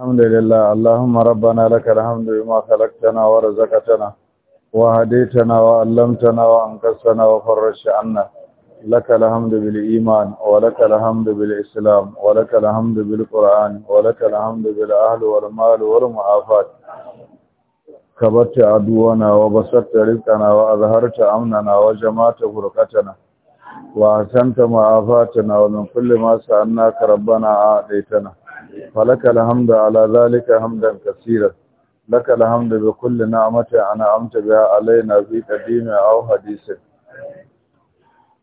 الحمد لله اللهم ربنا لك الحمد بما خلقتنا ورزقتنا وهديتنا وعلمتنا وأنقذتنا وفرجت عنا لك الحمد بالإيمان ولك الحمد بالإسلام ولك الحمد بالقرآن ولك الحمد بالأهل والمال والمعافات كبرت عدونا وبسطت رزقنا وأظهرت أمننا وجمعت فرقتنا وأحسنت معافاتنا ومن كل ما سألناك ربنا أعطيتنا فلك الحمد على ذلك حمدا كثيرا لك الحمد بكل نعمة أنعمت بها علينا في قديم أو حديث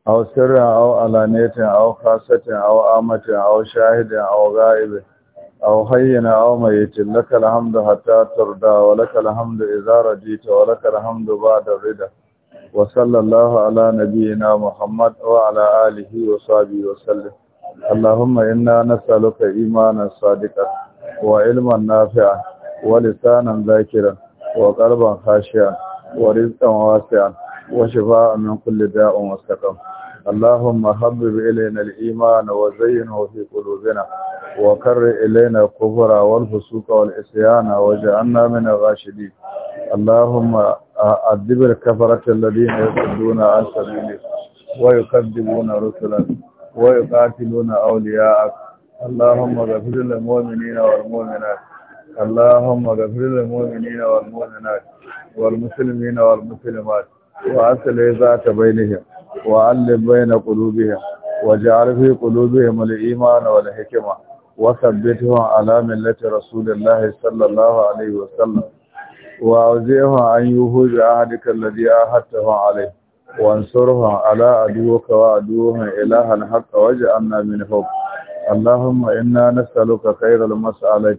أو سر أو علانية أو خاصة أو آمة أو شاهد أو غائب أو حين أو ميت لك الحمد حتى ترضى ولك الحمد إذا رجيت ولك الحمد بعد الرضا وصلى الله على نبينا محمد وعلى آله وصحبه وسلم اللهم إنا نسألك إيمانا صادقا وعلما نافعا ولسانا ذاكرا وقلبا خاشعا ورزقا واسعا وشفاء من كل داء وسقم اللهم حبب إلينا الإيمان وزينه في قلوبنا وكر إلينا الكفر والفسوق والعصيان واجعلنا من الراشدين اللهم أدب الكفرة الذين يصدون عن سبيلك ويكذبون رسلك ويقاتلون أولياءك اللهم اغفر للمؤمنين والمؤمنات اللهم اغفر للمؤمنين والمؤمنات والمسلمين والمسلمات وأصل ذات بينهم وعلم بين قلوبهم وجعل في قلوبهم الإيمان والحكمة وثبتهم على ملة رسول الله صلى الله عليه وسلم وأوزعهم أن يهوج عهدك الذي أهدته عليه وانصرهم على عدوك وعدوهم إلها الحق واجعلنا منهم اللهم إنا نسألك خير المسألة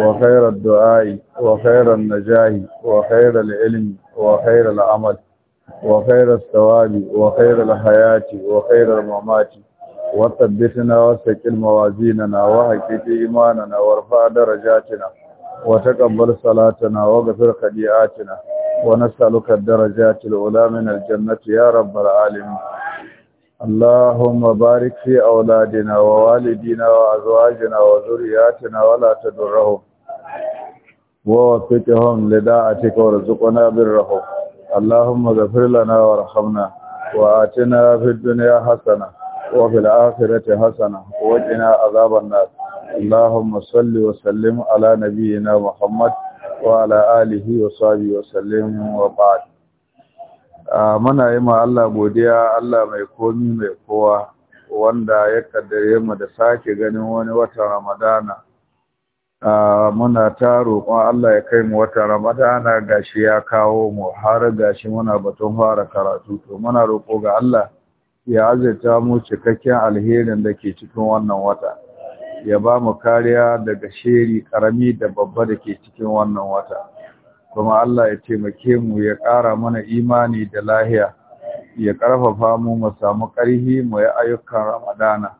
وخير الدعاء وخير النجاه وخير العلم وخير العمل وخير الثواب وخير الحياة وخير الممات وثبتنا وسك الموازيننا وهكت إيماننا وارفع درجاتنا وتقبل صلاتنا وغفر خديعاتنا ونسألك الدرجات الأولى من الجنة يا رب العالمين اللهم بارك في أولادنا ووالدنا وأزواجنا وذرياتنا ولا تدرهم ووفقهم لداعتك ورزقنا برهم اللهم اغفر لنا ورحمنا وآتنا في الدنيا حسنة وفي الآخرة حسنة وقنا عذاب الناس اللهم صل وسلم على نبينا محمد Wa وعلى wa وصحبه wa وبعد muna yi ma Allah godiya Allah mai komi mai kowa wanda ya kaddare mu da sake ganin wani watan Ramadana muna ta roƙon Allah ya kai mu watan Ramadana gashi ya kawo mu har gashi muna batun fara karatu to muna roƙo ga Allah ya azurta mu cikakken alherin da ke cikin wannan wata ya ba mu kariya daga sheri karami da babba da ke cikin wannan wata kuma Allah ya taimake mu ya ƙara mana imani da lahiya ya ƙarfafa mu mu samu ƙarfi mu yi ayyukan ramadana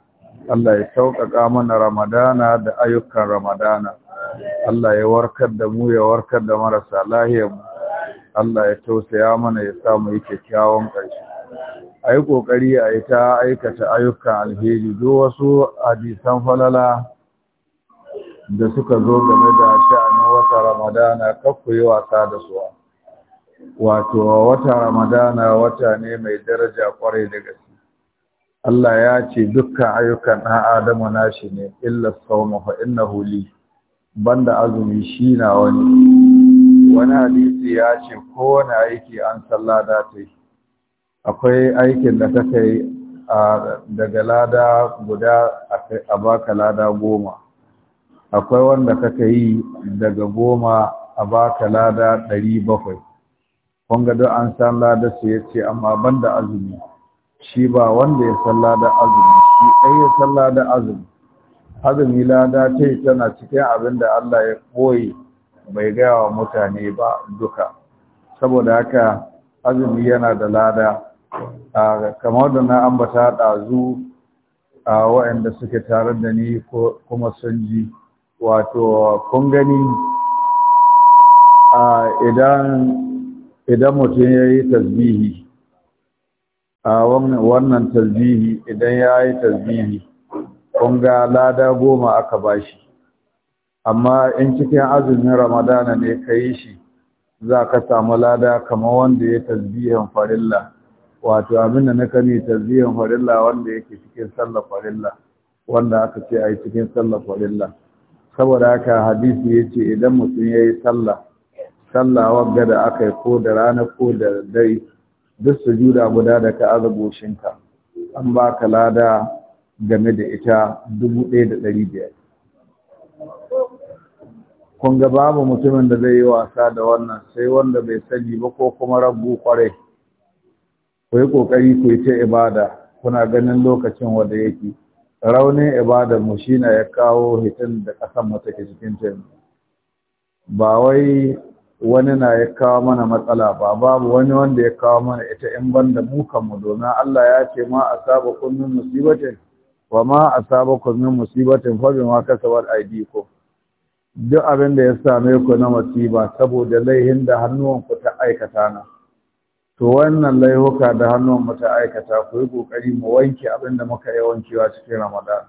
Allah ya sauƙaƙa mana ramadana da ayyukan ramadana Allah ya warkar da mu ya warkar da marasa lahiyar mu Allah ya tausaya mana ya samu yi kyakkyawan ƙarshe a yi ƙoƙari a yi ta aikata ayyukan alheri zo wasu hadisan falala da suka zo game da sha'anin wata ramadana kakku yi wasa da su wato wata ramadana wata ne mai daraja kwarai da gaske Allah ya ce dukkan ayyukan ɗan adamu nashi ne illa sauma fa innahu huli. banda azumi shi na wani wani hadisi ya ce kowane aiki an sallah da ta yi akwai aikin da ta kai daga lada guda a baka lada goma akwai wanda kaka yi daga goma a baka lada ɗari bakwai ƙunga don an san lada su ya ce amma ban da azumi shi ba wanda ya san lada azumi shi ɗai ya san lada azumi azumi lada ta yi tana cikin abin da Allah ya koyi bai gaya wa mutane ba duka saboda haka azumi yana da lada kamar da na ambata ɗazu a waɗanda suke tare da ni kuma sun ji wato kun gani idan mutum ya yi tasbihi wannan tasbihi idan ya yi tasbihi kun ga lada goma aka bashi amma in cikin azumin ramadana ne ka yi shi za ka samu lada kamar wanda ya tasbihin farilla wato abin da na kani tarbiyyar farilla wanda yake cikin sallar farilla wanda aka ce a yi cikin sallar farilla saboda haka hadisi ya ce idan mutum ya yi sallah sallah wagga da aka yi ko da rana ko da dai duk su juda guda da ka azaboshinka an ba ka lada game da ita dubu ɗaya da ɗari biyar kun ga babu mutumin da zai yi wasa da wannan sai wanda bai sani ba ko kuma rabu kwarai ku yi ƙoƙari ku yi ta ibada kuna ganin lokacin wanda yake raunin ibada mu shi na ya kawo hitin da ƙasan mu take cikin ta ba wai wani na ya kawo mana matsala ba babu wani wanda ya kawo mana ita in banda mu kanmu domin Allah ya ce ma a saba min musibatin wa ma a saba min musibatin fa bima kasabat aydikum duk abin da ya same ku na musiba saboda laihin da hannuwanku ta aikata na to wannan laihuka da hannun mu ta aikata ku yi ƙoƙari mu wanke abin da muka yi wankewa cikin ramadan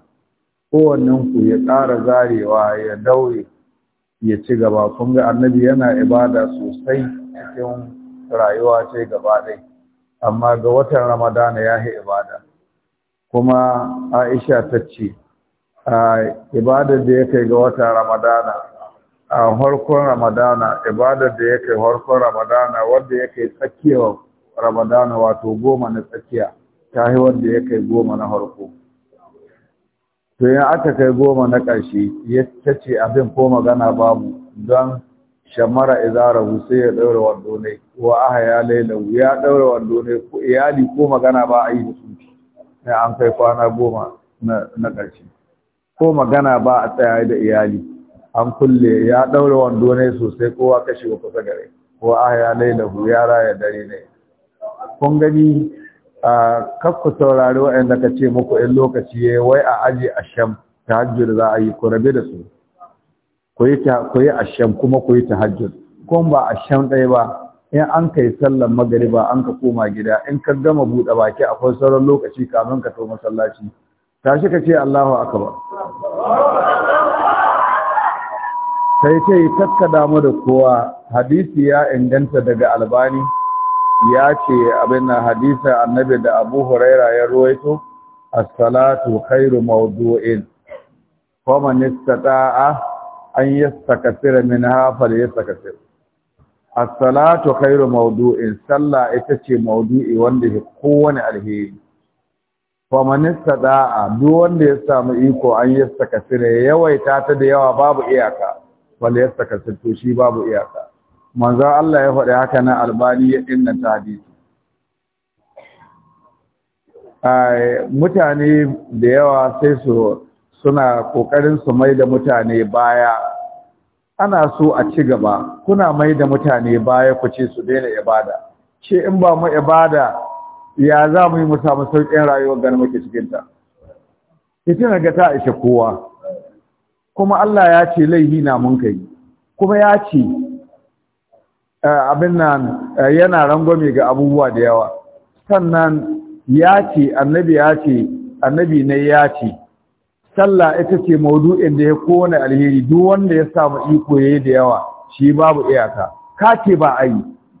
kowannen ku ya ƙara zarewa ya daure ya ci gaba kun ga annabi yana ibada sosai cikin rayuwa ce gaba ɗai amma ga watan ramadana ya yi ibada kuma aisha ta ce ibada da ya kai ga watan ramadana a harkon ramadana ibadar da yake harkon ramadana wanda yake tsakiyar ramadana wato goma na tsakiya ta yi wanda yake goma na harko to yin aka kai goma na ƙarshe ya tace abin ko magana babu don shamara izara sai ya ɗaura wando ne wa aha ya lailahu ya ɗaura wando ne ko iyali ko magana ba a yi da su sai an kai kwana goma na ƙarshe ko magana ba a tsaya da iyali an kulle ya daura wando ne sosai kowa kashe wa kusa gare ko aya lailahu ya raya dare ne kun gani a kakku saurari waɗanda ka ce muku in lokaci ya wai a aji ta tahajjud za a yi ku rabe da su ku yi asham kuma ku yi ta tahajjud kun ba sham ɗaya ba in an kai sallar magariba an ka koma gida in ka gama buɗe baki akwai sauran lokaci kamin ka to masallaci tashi ka ce Allahu akbar sai ce kakka damu da kowa hadisi ya inganta daga albani ya ce abin na hadisa annabi da abu huraira ya ruwaito as-salatu khairu mawdu'in wa man istata'a an yastakthira minha falyastakthir as-salatu khairu mawdu'in sallah ita ce mawdu'i wanda ke kowane alheri wa man istata'a duk wanda ya samu iko an yastakthira yawaita ta da yawa babu iyaka wal yastakasir to shi babu iyaka manzo Allah ya faɗi haka na albani ya inganta hadisi ay mutane da yawa sai su suna kokarin su mai da mutane baya ana so a ci gaba kuna mai da mutane baya ku ce su daina ibada ce in ba mu ibada ya za mu yi mu samu sauƙin rayuwar ganin muke cikinta ita ga ta ishe kowa kuma Allah ya ce laifi na munkari kuma ya ce abin nan yana rangwame ga abubuwa da yawa sannan ya ce annabi ya ce annabi ne ya ce sallah ita ce maudu'in da ya kowane alheri duk wanda ya samu iko yayi da yawa shi babu iyaka ka ce ba ai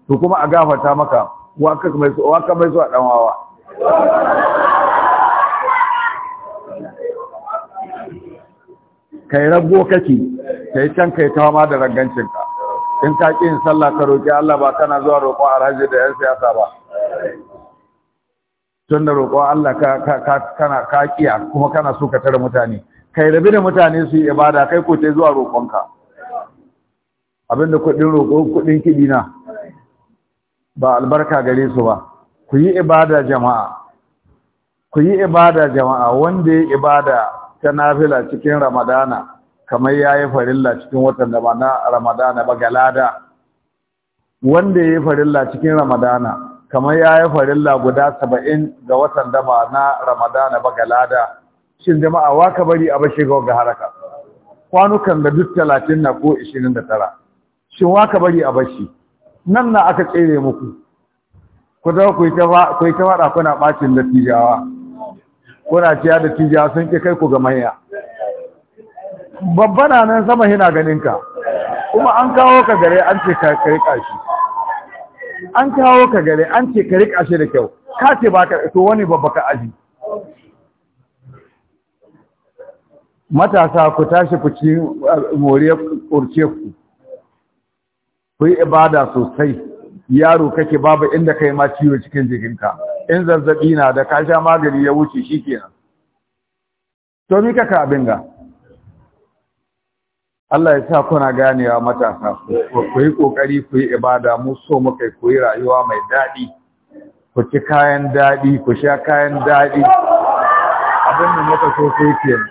to kuma a gafarta maka wa ka mai zuwa dan wawa kai rago kake kai can kai ta ma da ka in ka ƙi sallah ka roƙi Allah ba kana zuwa roƙon alhaji da yan siyasa ba tun da roƙon Allah kana ka ƙiya kuma kana so ka tare mutane kai rabi da mutane su yi ibada kai ko zuwa roƙonka abinda kuɗin roƙo kuɗin kiɗi na ba albarka gare su ba ku yi ibada jama'a ku yi ibada jama'a wanda ya ibada ta nafila cikin ramadana kamar ya yi farilla cikin watan da ba na ramadana ba galada wanda ya yi farilla cikin ramadana kamar ya yi farilla guda saba'in ga watan da ba na ramadana ba galada shin jama'a wa ka bari a bashi ga wagga haraka kwanukan da duk talatin na ko ishirin da tara shin wa ka bari a bashi nan na aka tsere muku ku zo ku yi ta faɗa kuna ɓacin dattijawa kuna ciya da tija sun ke kai ku ga manya babbana nan sama hina ganinka kuma an kawo ka gare an ce ka rika shi an kawo ka gare an ce ka rika shi da kyau ka ce ba ka to wani babba ka aji matasa ku tashi ku ci eh, moriyar kurce ku ku yi ibada sosai yaro kake babu inda kai ma ciwo cikin jikinka in zazzabi na da ka sha magani ya wuce shi kenan to mi kaka abin ga Allah ya sa kuna ganewa matasa ku yi kokari ku yi ibada mu so muka ku yi rayuwa mai daɗi ku ci kayan daɗi ku sha kayan daɗi abin da muka so ku yi kenan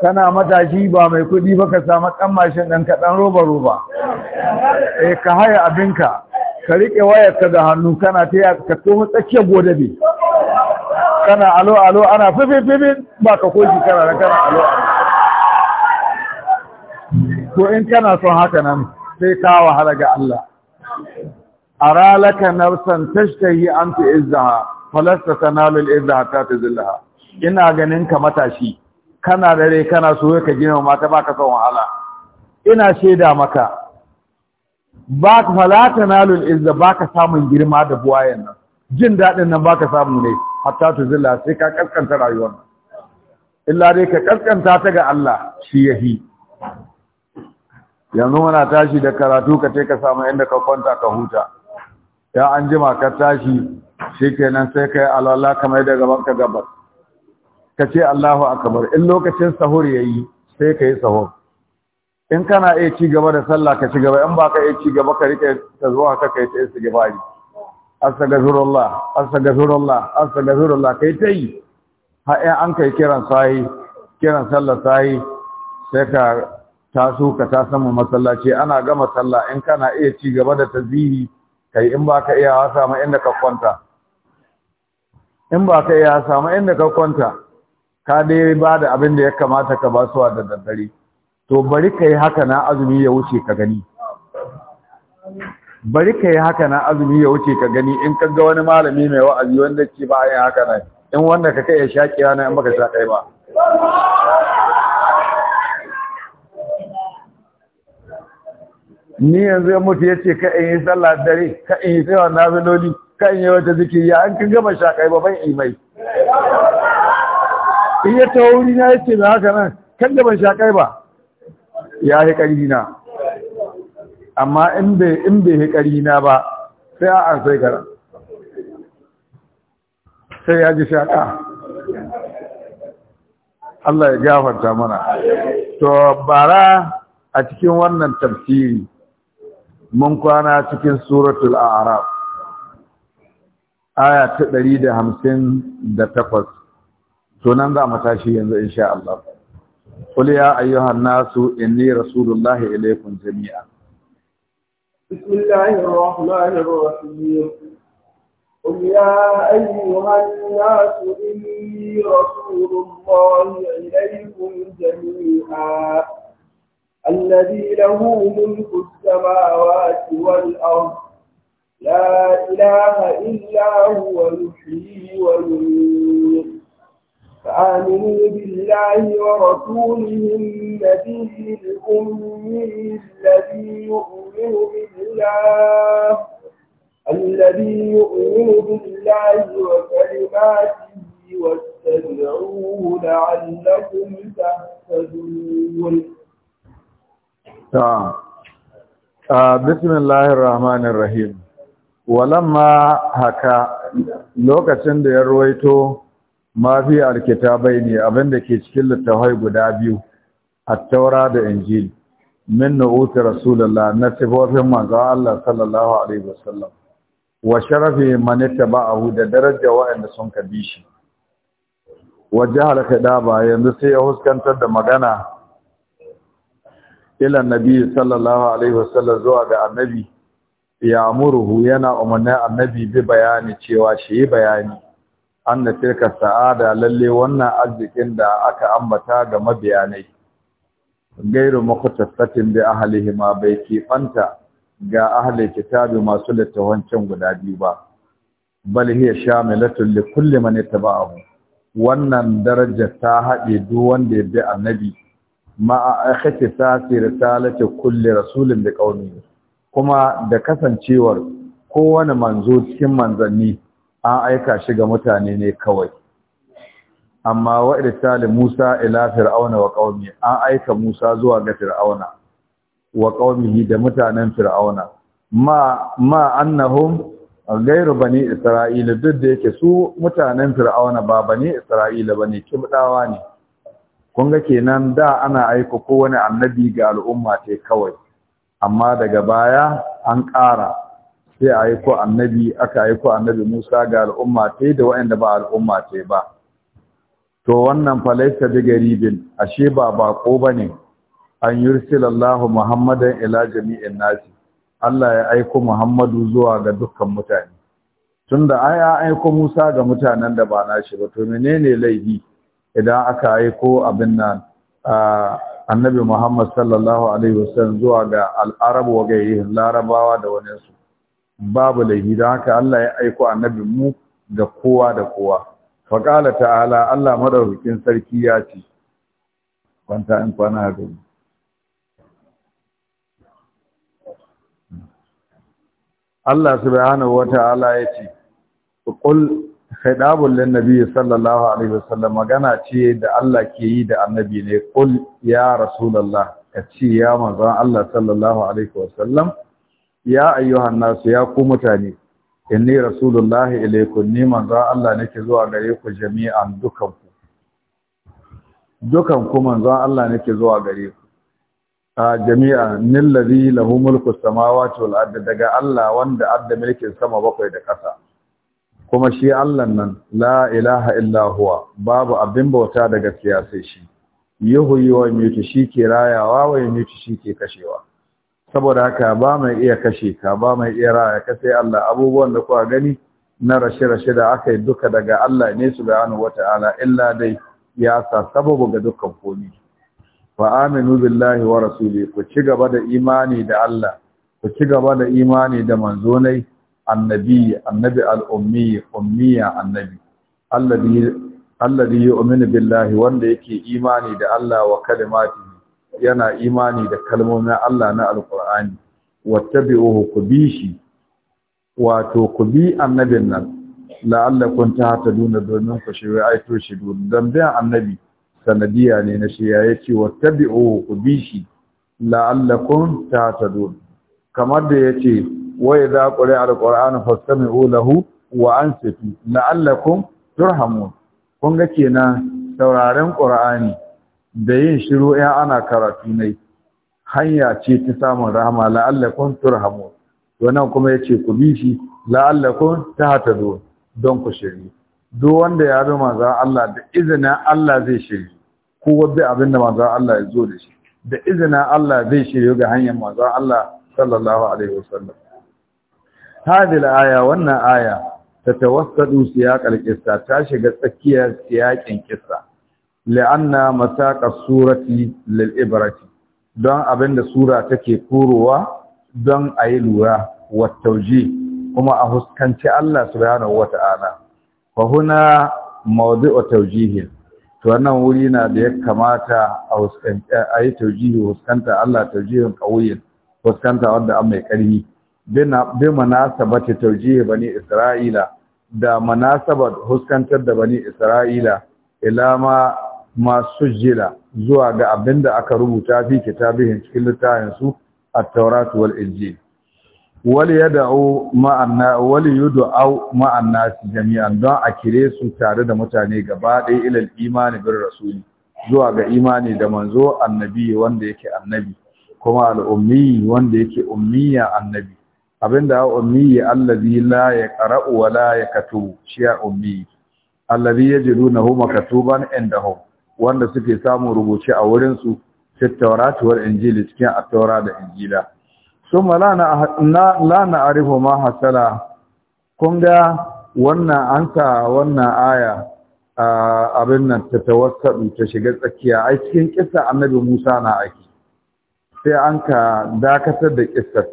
kana matashi ba mai kudi ba ka samu ɗan mashin ɗan kaɗan roba-roba E, eh, ka haya abinka ka riƙe wayarka da hannu kana ta yi ka tsohon tsakiyar godabe kana alo-alo ana fifin ba ka koshi kana da kana alo-alo ko in kana son haka nan sai ka wahala ga Allah aralaka yi an fi izaha falasta tanalul izaha ta tazillaha ina ganin ka matashi kana da rai kana so ka gina mata baka son wahala ina shaida maka ba ka falata nalul izza baka samun girma da buwayen nan jin daɗin nan baka samu ne hatta zilla sai ka kaskanta rayuwar nan illa dai ka kaskanta ta ga Allah shi yahi yanzu muna tashi da karatu ka ce ka samu inda ka kwanta ka huta ya an jima ka tashi shikenan sai kai alwala kamar da gaban ka gabar ka ce Allahu akbar in lokacin sahur yayi sai ka yi sahur in kana iya ci gaba da sallah ka ci gaba in ba ka iya ci gaba ka rike ta zuwa haka kai ta isa istighfari astaghfirullah astaghfirullah astaghfirullah kai ta yi ha in an kai kiran sahi kiran sallah sahi sai ka taso ka ta samu masallaci ana gama sallah in kana iya ci gaba da tazihi kai in ba ka iya samu inda ka kwanta in ba ka iya samu inda ka kwanta ka dai ba da abin da ya kamata ka ba suwa da daddare to bari ka yi haka na azumi ya wuce ka gani bari ka yi haka na azumi ya wuce ka gani in ka ga wani malami mai wa'azi wanda ce ba yin haka na in wanda ka kai ya shaƙi rana in baka sha kai ba ni yanzu ya mutu ya ce ka in yi sallah dare ka in yi tsawon na filoli ka in yi wata zikiri ya an kan gama sha kai ba ban imai in yi ta wuri na yake da haka nan kan da ban sha kai ba ya yi ƙarfi na amma in bai yi ƙarfi na ba sai a an sai gara sai ya ji shaƙa Allah ya gafarta mana to bara a cikin wannan tafsiri mun kwana cikin suratul a'raf aya ta 158 sunan za mu tashi yanzu insha Allah qul ya ayyuhan nasu inni rasulullahi ilaykum jami'an bismillahir rahmanir rahim قل يا أيها الناس إني رسول الله إليكم جميعا الذي له ملك السماوات والأرض لا إله إلا هو يحيي ويميت فآمنوا بالله ورسوله النبي الأمي الذي يؤمن بالله الذي يؤمن بالله وكلماته واتبعوه لعلكم تهتدون بسم الله الرحمن الرحيم ولما هكا lokacin da ya ruwaito ma fi bai ne abinda ke cikin littafai guda biyu a taura da injil min nu'ut Rasulallah na sifofin manzo Allah sallallahu alaihi wasallam wa sharafi man ittaba'ahu da daraja wa'anda sun kabi shi wajahal khidaba yanzu sai ya huskantar da magana ila nabi sallallahu alaihi wasallam zuwa ga annabi ya amuruhu yana umarnin annabi bi bayani cewa shi bayani anna tilka sa'ada lalle wannan arzikin da aka ambata ga mabiyanai gairu mukhtasatin bi ahlihi ma bai kifanta ga ahli kitabi masu littawancin guda biyu ba bal hiya shamilatun li kulli man ittaba'ahu wannan daraja ta haɗe duk wanda ya bi annabi ma a akhati sati risalati kulli rasulin bi qaumi kuma da kasancewar kowane manzo cikin manzanni an aika shi ga mutane ne kawai amma wa irsal Musa ila fir'auna wa qaumi an aika Musa zuwa ga fir'auna wa qaumihi da mutanen fir'auna ma ma annahum gairu bani isra'ila duk da yake su mutanen fir'auna ba bani isra'ila bane kibdawa ne kun ga kenan da ana aika kowane annabi ga al'umma ce kawai amma daga baya an ƙara sai a aiko annabi aka aiko annabi Musa ga al'umma ta da waɗanda ba al'umma ta ba to wannan falaita bi garibin ashe ba bako bane an yursilallahu Muhammadan ila jami'in nasi Allah ya aiko Muhammadu zuwa ga dukkan mutane tunda ai ya aiko Musa ga mutanen da ba nashi ba to menene laifi idan aka aiko abin nan annabi Muhammad sallallahu alaihi wasallam zuwa ga al'arabu wa larabawa da wani su babu laifi don haka Allah ya aiko annabi mu da kowa da kowa faƙala ta'ala Allah madaukakin sarki ya ce kwanta in kwana da mu Allah subhanahu wata'ala ya ce qul khidabul lin nabiy sallallahu alaihi wasallam magana ce da Allah ke yi da annabi ne qul ya rasulullah kace ya manzon Allah sallallahu alaihi wasallam ya ayyuhan nasu ya ku mutane inni rasulullahi ilaikum ni manzo Allah nake zuwa gare ku jami'an dukan ku dukan ku manzo Allah nake zuwa gare ku a jami'a nil ladhi lahu mulku samawati wal ard daga Allah wanda adda mulkin sama bakwai da ƙasa kuma shi Allah nan la ilaha illa huwa babu abin bauta da gaskiya sai shi yuhyi wa yumiitu shi ke rayawa wa yumiitu shi ke kashewa saboda haka ba mai iya kashe ka ba mai iya raya ka sai Allah abubuwan da kuka gani na rashe-rashe da aka yi duka daga Allah ne hannu wata'ala illa dai ya sa sababu ga dukkan komi ba aminu billahi wa rasuli ku ci gaba da imani da Allah ku ci gaba da imani da manzonai annabi annabi al ummiya annabi alladhi alladhi yu'minu billahi wanda yake imani da Allah wa kalimati. yana imani da kalmomin Allah na alqur'ani wattabi'uhu ku bi shi wato ku bi annabin nan la'allakum tahtaduna domin ku wai aito shi don annabi sanadiyya ne na shi. shirya yace wattabi'uhu ku bi shi la'allakum tahtadun kamar da yace wa idza alkur'ani alqur'anu fastami'u lahu wa ansitu la'allakum turhamun kun ga kenan sauraren qur'ani da yin shiru 'yan ana karatu ne hanya ce ta samun rahama "La'allakun turhamun wannan kuma ya ce ku bishi! La'allakun! ta hata zo, don ku shiri duk wanda ya zo maza Allah da izinin Allah zai shiri ko wanda abinda maza Allah ya zo da shi da izinin Allah zai shiru ga hanyar maza Allah sallallahu alaihi wasallam hadhihi aya wannan aya tatawassadu siyaqal qissa ta shiga tsakiyar siyakin qissa la'anna masaka surati lil ibrati don abinda sura take korowa don ayi lura wa tauji kuma a huskanci Allah subhanahu wata'ala fa huna mawdi'u tawjihin to wannan wuri na da ya kamata a huskanta ayi tawjihi huskanta Allah tawjihin qawiyin huskanta wanda an mai karfi bi munasabati tawjihi bani isra'ila da manasabar huskantar da bani isra'ila ila ma masu jila zuwa ga abin da aka rubuta fi kitabihin cikin littafinsu a tauratu wal injil wali yad'u ma'ana wali yud'u jami'an don a kire su tare da mutane gaba ɗaya ilal imani bir rasuli zuwa ga imani da manzo annabi wanda yake annabi kuma al'ummi wanda yake ummiya annabi Abin abinda ummi allazi la yaqra'u wa la katubu shi ummi allazi yajidunahu maktuban indahum wanda suke samun rubuce a wurinsu su taurati injili cikin attaura da injila summa la na arifo ma hasala kun ga wannan an sa wannan aya abin nan ta tawassadu ta shiga tsakiya ai cikin kissa annabi Musa na aiki sai an ka dakatar da kisar,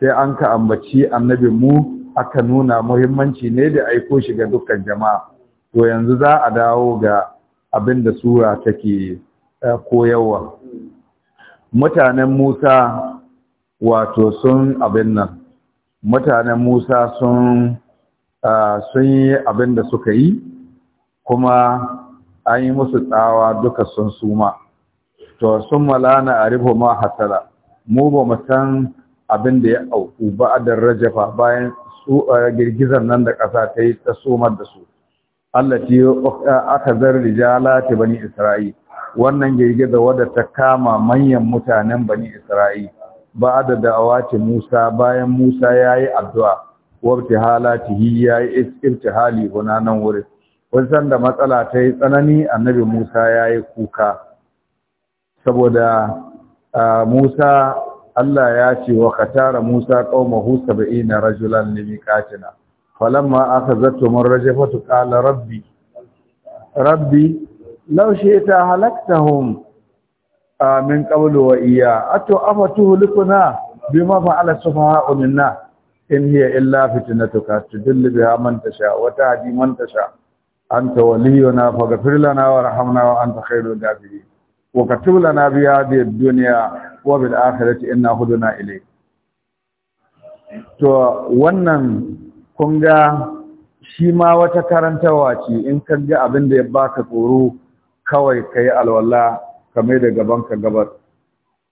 sai an ka ambaci annabi mu aka nuna muhimmanci ne da aiko shi ga dukkan jama'a to yanzu za a dawo ga abinda sura take eh, koyarwa mutanen Musa wato sun abin nan mutanen Musa sun ah, sun yi da suka yi kuma an yi musu tsawa duka sun suma to sun malana arifu ma hasala mu ba mu san abin da ya auku ba a rajafa. bayan eh, girgizar nan da ƙasa ta yi ta somar da su allati aka zar rijala bani isra'il wannan girgiza wadda ta kama manyan mutanen bani isra'il ba da da'awati Musa bayan Musa yayi addu'a halati halatihi yayi istihali gunanan wuri wannan da matsala ta yi tsanani annabi Musa yayi kuka saboda Musa Allah ya ce wa katara Musa qaumahu 70 rajulan limiqatina falamma akhadhatuhum ar-rajfatu qala rabbi rabbi law shi'ta halaktahum min qablu wa iyya atu afatuhlikuna bima fa'ala sufaha'u minna in hiya illa fitnatuka tudillu biha man tasha wa tahdi man tasha anta waliyuna faghfir lana warhamna wa anta khairul ghafirin wa katub lana bi hadhihi ad-dunya wa bil akhirati inna huduna ilayk to wannan kun ga shi ma wata karantarwa ce in ka ga abin da ya baka tsoro kawai ka yi alwala ka da gaban ka gabar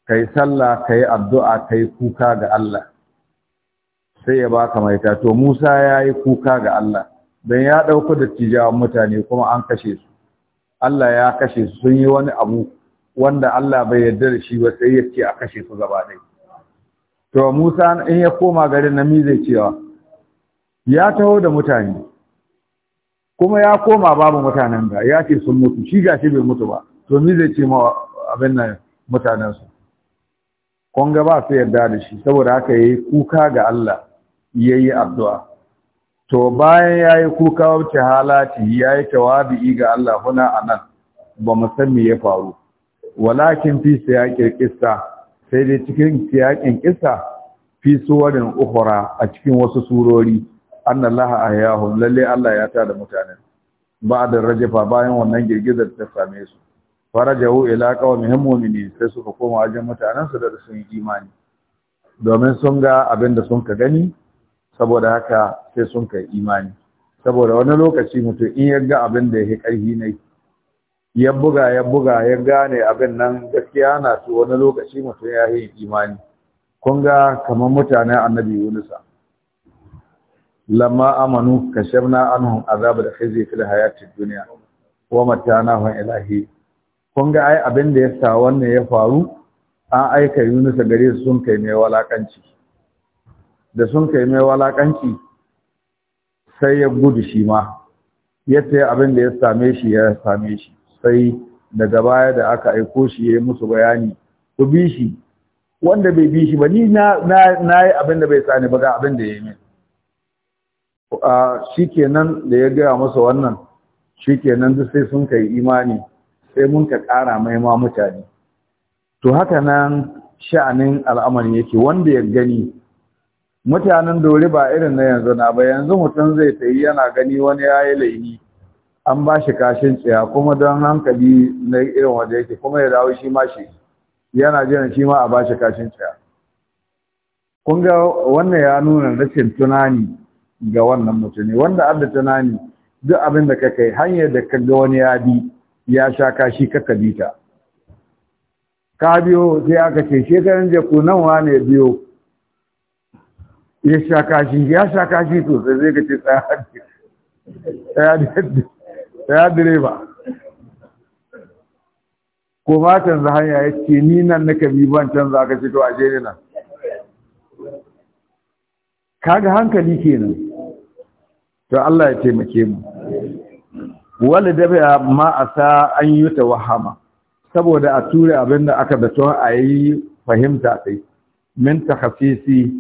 ka yi sallah ka yi addu'a ka yi kuka ga Allah sai ya baka maita to Musa ya yi kuka ga Allah don ya ɗauko da tijawan mutane kuma an kashe su Allah ya kashe su sun yi wani abu wanda Allah bai yarda da shi ba sai ya ce a kashe su gaba ɗaya to Musa in ya koma garin na zai cewa ya taho da mutane kuma ya koma babu mutanen da ya ce sun mutu shi gashi bai mutu ba to ni zai ce ma abin nan mutanensu kun ga ba su yarda da shi saboda haka yayi kuka ga Allah yayi addu'a to bayan yayi kuka wuce halati yayi tawabi ga Allah huna anan ba mu san me ya faru walakin fi siyaqil qissa sai dai cikin siyaqin qissa fi suwarin ukhra a cikin wasu surori anna a ahyahum lalle Allah ya ta mutane mutanen da rajafa bayan wannan girgizar ta same su farajahu ila qaumihim mu'minin sai suka koma wajen mutanen su da sun imani domin sun ga abin da sun ka gani saboda haka sai sun kai imani saboda wani lokaci mutum in ya ga abin da ya na ne ya buga ya buga ya gane abin nan gaskiya na to wani lokaci mutum ya yi imani kun ga kamar mutanen annabi yunusa lamma amanu كشفنا عنهم عذاب الخزي في الحياه الدنيا dunya wa matanahum ilahi kun ga ai abin da ya sa wannan ya faru an aika Yunus gare su sun kai mai walakanci da sun kai mai walakanci sai ya gudu shi ma yadda abin da ya same shi ya same shi sai daga baya da aka aiko shi ya yi musu bayani ku bi wanda bai bi ba ni na na yi abin da bai sani ba ga abin da ya yi min A shikenan da ya gaya masa wannan shikenan duk sai sun kai imani sai mun ka ƙara mai ma mutane to haka nan sha'anin al'amari yake wanda ya gani mutanen dore ba irin na yanzu na ba yanzu mutum zai yi yana gani wani ya yi laini an ba shi kashin tsaya kuma don hankali na irin wanda yake kuma ya dawo shi ma shi yana jiran shi ma a ba shi kashin tsaya kun ga wannan ya nuna rashin tunani ga wannan mutune wanda ta nani duk abin da kake hanyar da ka ga wani ya bi ya sha kashi ka ta. ka biyo sai aka ce shekaran je ku nan wa ne biyo ya sha kashi ya sha kashi to sai zai ka ce tsaya direba ko ba canza hanya ya ce ni nan na kabi ban canza aka ce to a jere nan kaga hankali kenan to Allah ya taimake mu wani dabi'a ma a sa an yi ta wahama saboda a ture abinda aka da zato a yi fahimta sai min ta hafisi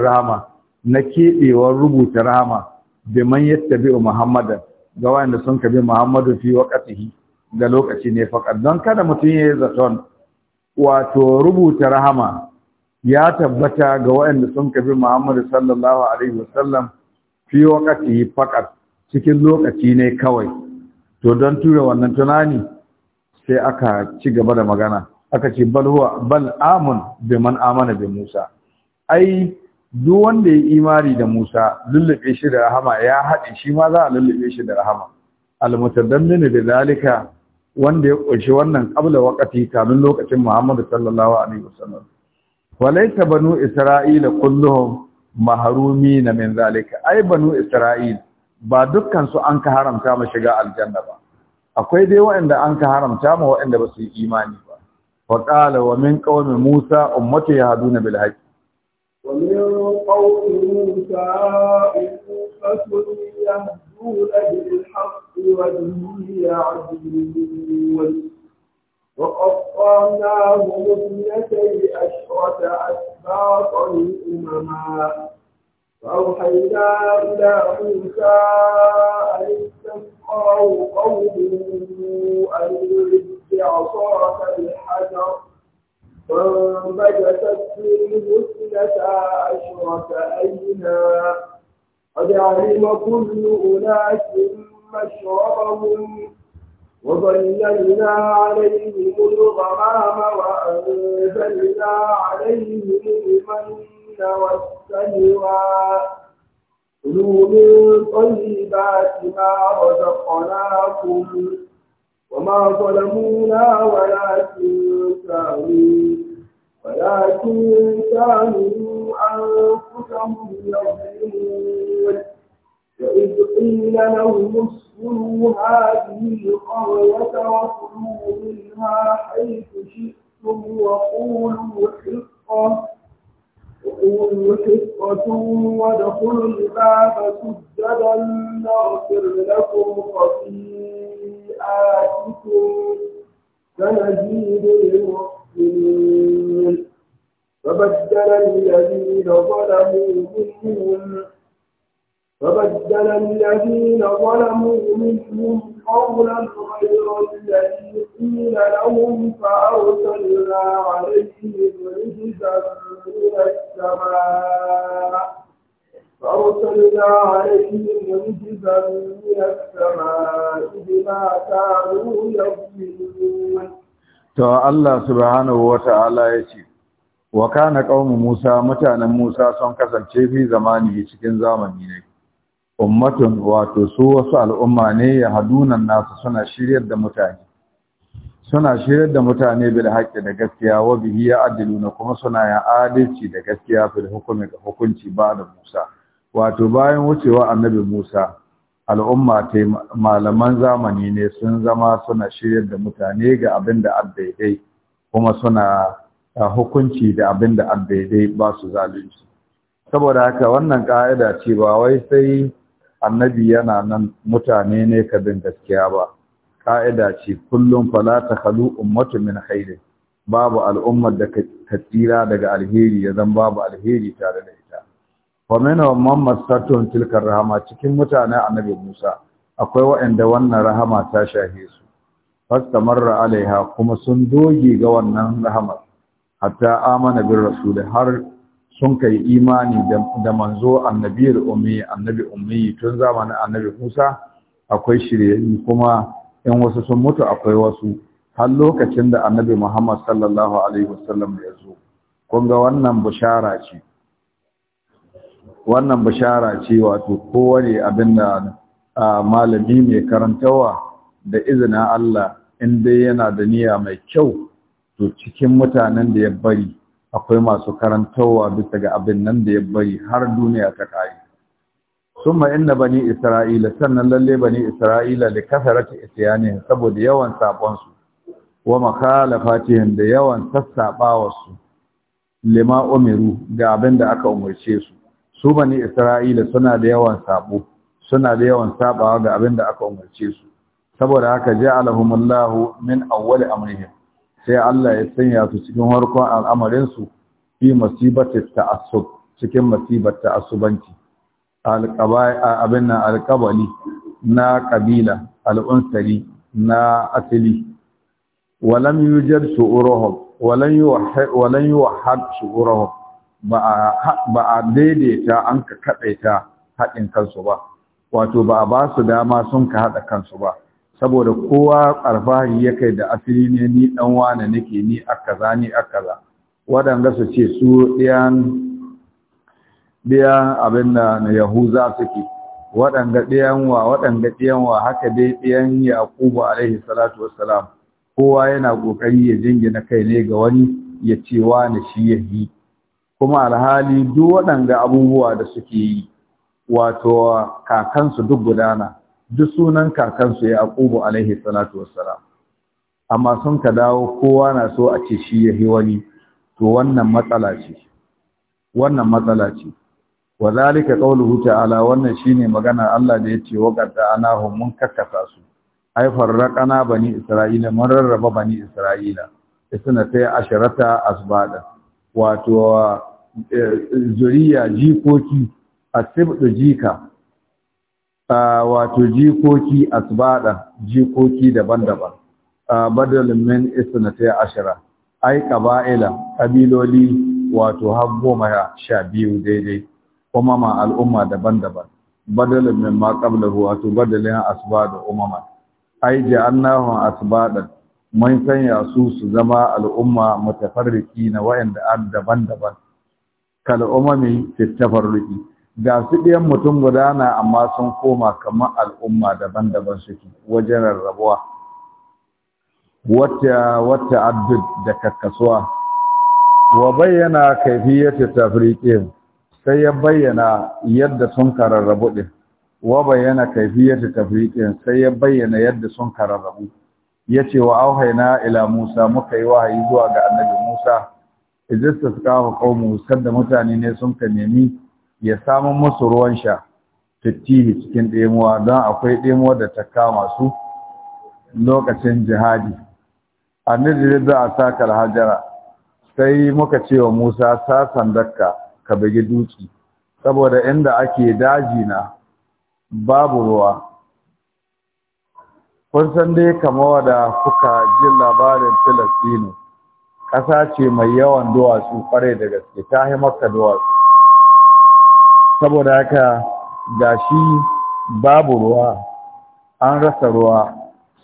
rahama na keɓewar rubuta rahama da man yattabi'u muhammadan ga wanda sun kabi muhammadu fi waqtihi ga lokaci ne faqad don kada ya yi zaton wato rubuta rahama ya tabbata ga waɗanda sun kafi Muhammadu sallallahu alaihi wasallam fi wakati fakat cikin lokaci ne kawai to don tura wannan tunani sai aka ci gaba da magana aka ce bal huwa bal amun bi man amana bi Musa ai duk wanda ya imari da Musa lullube shi da rahama ya haɗe shi ma za a lullube shi da rahama almutadammin da zalika wanda ya ƙunshi wannan ƙabla wakati kamin lokacin Muhammadu sallallahu alaihi wasallam walaita banu isra'ila kulluhum maharumi na min zalika ai banu isra'il ba dukkan su an haramta ma shiga aljanna ba akwai dai waɗanda an haramta ma waɗanda ba su yi imani ba wa qala wa min qaumi musa ummatu yahduna bil haqq wa min qaumi musa ummatu yahduna bil haqq wa hum وقطعناه اثنتي أشرة أسباطا أمما فأوحينا إلى موسى أن استسقاه قومه أن يلد عصاك الحجر فانبجست منه اثنتا عشرة أينا قد علم كل أناس مشربهم وظللنا عليهم الغمام وأنزلنا عليهم المن والسلوى كلوا من طيبات ما رزقناكم وما ظلمونا ولكن كانوا ولكن كانوا أنفسهم يظلمون وإذ قيل لهم ادخلوا هذه القرية واكلوا منها حيث شئتم وقولوا حقة وقولوا حقة وادخلوا الباب سجدا نغفر لكم خطيئاتكم سنزيد المحسنين فبدل الذين ظلموا منهم فبدل الذين ظلموا منهم قولا غير الذي قيل لهم فأرسلنا عليهم رجزا من السماء فأرسلنا عليهم رجزا من السماء بما كانوا يظلمون To Allah subhanahu wa ta'ala ya ce, Wa kana ƙaunin Musa mutanen Musa sun kasance fi zamani cikin zamani ne. ummatun wato su wasu al'umma ne ya hadunan nasu suna shiryar da mutane suna shiryar da mutane bil haƙƙi da gaskiya wa bihi na kuma suna ya adalci da gaskiya fil hukumi ga hukunci ba da Musa wato bayan wucewa annabi Musa al'umma ta malaman zamani ne sun zama suna shiryar da mutane ga abin da addaidai kuma suna a hukunci da abin da addaidai ba su zalunci saboda haka wannan ka'ida ce ba wai sai annabi yana nan mutane ne ka bin gaskiya ba ka'ida ce kullum fala ta khalu ummatu min khairin babu al'ummar da ka tsira daga alheri ya zan babu alheri tare da ita wa mena wa tilkar rahama cikin mutane annabi Musa akwai waɗanda wannan rahama ta shahe su fastamarra alaiha kuma sun doge ga wannan rahamar hatta amana bin rasul har sun ka yi imani da manzo annabiyar ummi annabi ummi tun zamanin annabi Musa akwai shiryayi kuma in wasu sun mutu akwai wasu har lokacin da annabi Muhammad sallallahu alaihi wasallam ya zo kun wannan bishara ce wannan bishara ce wato kowane abin da malami mai karantawa da izinin Allah in dai yana da niyya mai kyau to cikin mutanen da ya bari akwai masu karantarwa bisa ga abin nan da ya bari har duniya ta kai summa inna bani isra'ila sannan lalle bani isra'ila da kasarata isyani saboda yawan sabon su wa makhalafatihim da yawan sassabawa su lima umiru ga abin da aka umurce su su bani isra'ila suna da yawan sabo suna da yawan sabawa ga abin da aka umarce su saboda haka ja'alahumullahu min awwali amrihim sai Allah ya sanya su cikin harkon al'amarin su fi masibar ta'assub cikin masibar ta'assubanci alqabai abin nan na ƙabila al'unsari na asili walam yujad shu'uruhum walan yuwahhad walan yuwahhad ba a daidaita an ka kaɗaita haɗin kansu ba wato ba a ba su dama sun ka haɗa kansu ba saboda kowa alfahari ya kai da asiri ne ni dan wane nake ni akaza ni akaza waɗanda su ce su ɗiyan biya abin da na yahuza suke wadanda ɗiyan wa wadanda ɗiyan wa haka dai ɗiyan yaƙubu alaihi salatu wassalam kowa yana ƙoƙari ya jingina kai ne ga wani ya ce wani shi ya yi kuma alhali duk wadanda abubuwa da suke yi wato kakansu duk gudana duk sunan kakansu ya aqubu alaihi salatu wassalam amma sun ka dawo kowa na so a ce shi yahi wani to wannan matsala ce wannan matsala ce wa zalika qawluhu ta'ala wannan shine magana Allah da yace wa qadda anahu mun kakkasa su ai farraqana bani isra'ila mun rarraba bani isra'ila na sai asharata asbada wato eh, zuriya jikoki asibdu jika wato jikoki asbada jikoki daban-daban badalin min isnatai ashara ai qaba'ila kabiloli wato har goma sha biyu daidai kuma ma al'umma daban-daban badalin min ma qabla wato badalin asbada umama ai ja'alnahu asbada mun sanya su su zama al'umma mutafarriki na wa'anda daban-daban kal umami fi ga su ɗayan mutum guda na amma sun koma kamar al'umma daban-daban suke wajen rarrabuwa wata wata da kakkasuwa wa bayyana kaifiyatu tafriqin sai ya bayyana yadda sun kararrabu din wa bayyana kaifiyatu tafriqin sai ya bayyana yadda sun kararrabu yace wa auhayna ila Musa muka yi wahayi zuwa ga annabi Musa idza tasqahu qaumu sadda mutane ne sun ka nemi ya samu musu ruwan sha fittihi cikin ɗemuwa don akwai ɗemuwa da ta kama su lokacin jihadi A nijirin za a sakar hajara sai muka ce wa musa sa sandarka ka bugi duki saboda inda ake daji na babu ruwa kun san dai kama da kuka ji labarin filistinu ƙasa ce mai yawan duwatsu kwarai da gaske ta haimaka duwatsu saboda haka shi babu ruwa an rasa ruwa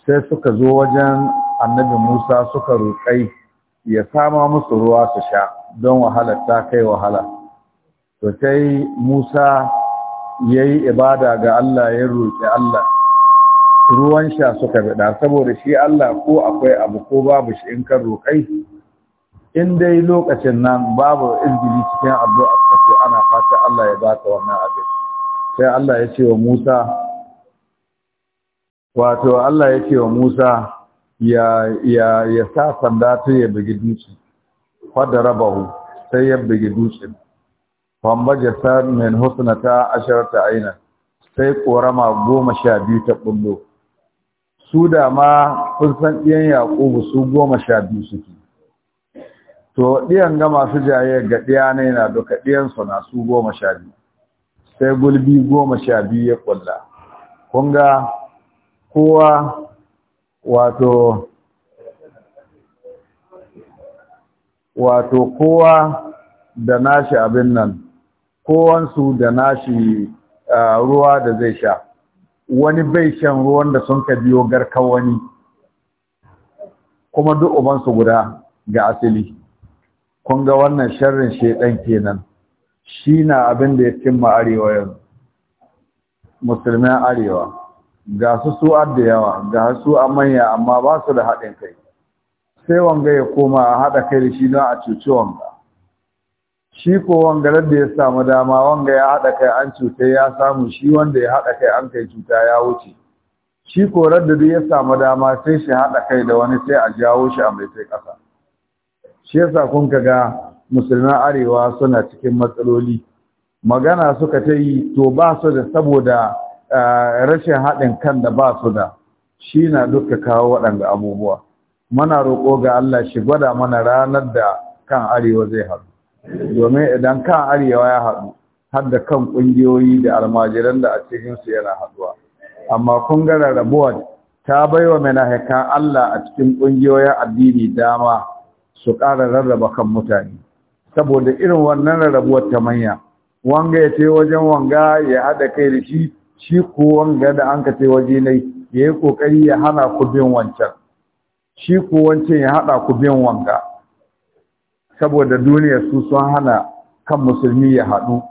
sai suka zo wajen annabi Musa suka roƙai ya sama musu ruwa su sha don wahala ta kai wahala to sai Musa yayi ibada ga Allah ya roƙi Allah ruwan sha suka bada saboda shi Allah ko akwai abu ko babu shi in kan roƙai in dai lokacin nan babu izgili cikin abu a kasu ana fata Allah ya baka wannan abin sai Allah ya ce wa Musa wato Allah ya ce wa Musa ya sa sanda ta ya bugi dutse fadda rabahu sai ya bugi dutse famba jasar min husnata asharata aina sai korama goma sha biyu ta bullo su da ma kun san ɗiyan yaƙubu su goma sha biyu suke to ɗiyan ga masu jaye ga ɗiya na yana duka ɗiyansu na su goma sha biyu sai gulbi goma sha biyu ya ƙulla kowa wato wato kowa da nashi abin nan kowansu da nashi ruwa da zai sha wani bai shan ruwan da sun ka biyo garkan wani kuma duk ubansu guda ga asili. kun ga wannan sharrin shaidan kenan shi na abin da ya cimma arewa yanzu musulman arewa ga su su'ar da yawa ga su a manya amma ba su da haɗin kai sai wanga ya koma a haɗa kai da shi don a cuci wanga shi ko wanga da ya samu dama wanga ya haɗa kai an cuta ya samu shi wanda ya haɗa kai an kai cuta ya wuce shi ko da ya samu dama sai shi haɗa kai da wani sai a jawo shi a mai sai ƙasa shi yasa kun ga musulman arewa suna cikin matsaloli magana suka ta yi to ba su da saboda eh, rashin haɗin kan da ba su da shi na duka kawo waɗanda abubuwa mana roƙo ga Allah shi gwada mana ranar da kan arewa zai haɗu domin idan kan arewa ya haɗu har da kan ƙungiyoyi da almajiran da a cikinsu yana haɗuwa amma kun ga rarrabuwa ta baiwa menahikan Allah a cikin ƙungiyoyin addini dama su ƙara rarraba kan mutane saboda irin wannan rarrabuwar ta manya wanga ya ce wajen wanga ya haɗa kai da shi shi ko wanga da an ka ce waje ne ya yi ƙoƙari ya hana ku bin wancan shi ko wancan ya haɗa ku bin wanga saboda duniyar su sun hana kan musulmi ya haɗu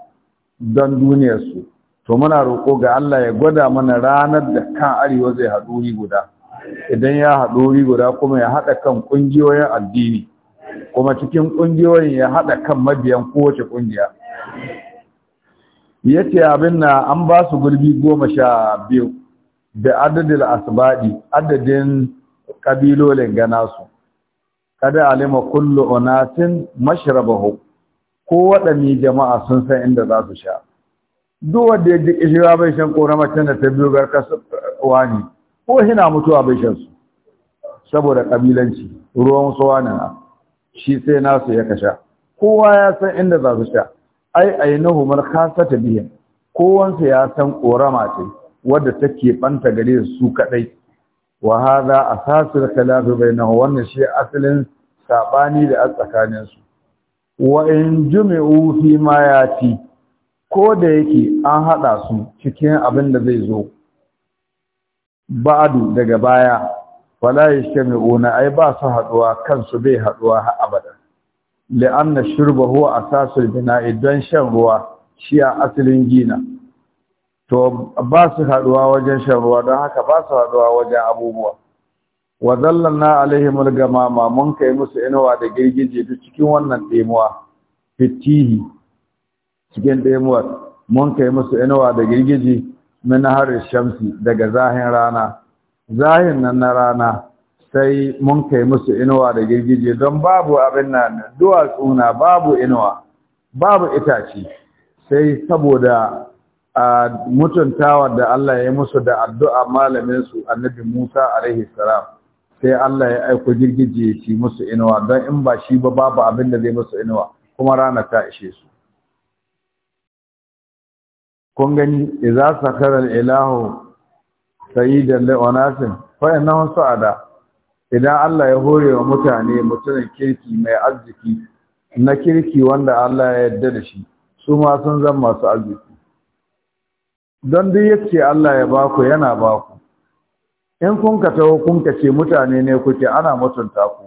don duniyar su to muna roƙo ga Allah ya gwada mana ranar da kan arewa zai haɗu guda idan ya haɗu guda kuma ya haɗa kan ƙungiyoyin addini kuma cikin ƙungiyoyin ya haɗa kan mabiyan kowace ƙungiya ya ce abin na an ba su gurbi goma sha biyu da adadin asibadi adadin ƙabilolin gana su kada alima kullu onatin bahu. ko waɗanne jama'a sun san inda za su sha duk wanda ya ji ƙishirwa bai shan ƙoramacin da ta biyu kasuwa ne, ko hina mutuwa bai shan su saboda ƙabilanci ruwan suwa na shi sai nasu ya kasha kowa ya san inda za su sha ai ainihu markasa ta biyan kowansu ya san korama ce wadda take banta gare su kadai wa hadha asasul khilaf bainahu wannan shi asalin sabani da tsakaninsu. su wa in jumi'u fi ma yati ko da yake an haɗa su cikin abin da zai zo ba'adu daga baya wala yajtami'una ai ba su haduwa kansu bai haduwa har abada li'anna shurba huwa asasul bina'i don shan ruwa shi a asalin gina to ba su haduwa wajen shan ruwa dan haka ba su haduwa wajen abubuwa wa zallanna alaihim algamama mun kai musu inuwa da girgije duk cikin wannan ɗemuwa fitihi cikin demuwa mun kai musu inawa da girgije min har shamsi daga zahin rana zahin nan na rana sai mun kai musu inuwa da girgije don babu abin nan duwa tsuna babu inuwa babu itace sai saboda a mutuntawa da Allah ya yi musu da addu'a malamin su annabi Musa alaihi salam sai Allah ya aiko girgije ya ci musu inuwa don in ba shi ba babu abin da zai musu inuwa kuma rana ta ishe su kun gani Iza sakara ilahu sayyidan li unasin fa innahu su'ada idan Allah ya hore wa mutane mutumin kirki mai arziki na kirki wanda Allah ya yarda da shi su ma sun zan masu arziki don duk yake Allah ya baku yana baku in kun ka taho kun ce mutane ne kuke ana mutunta ku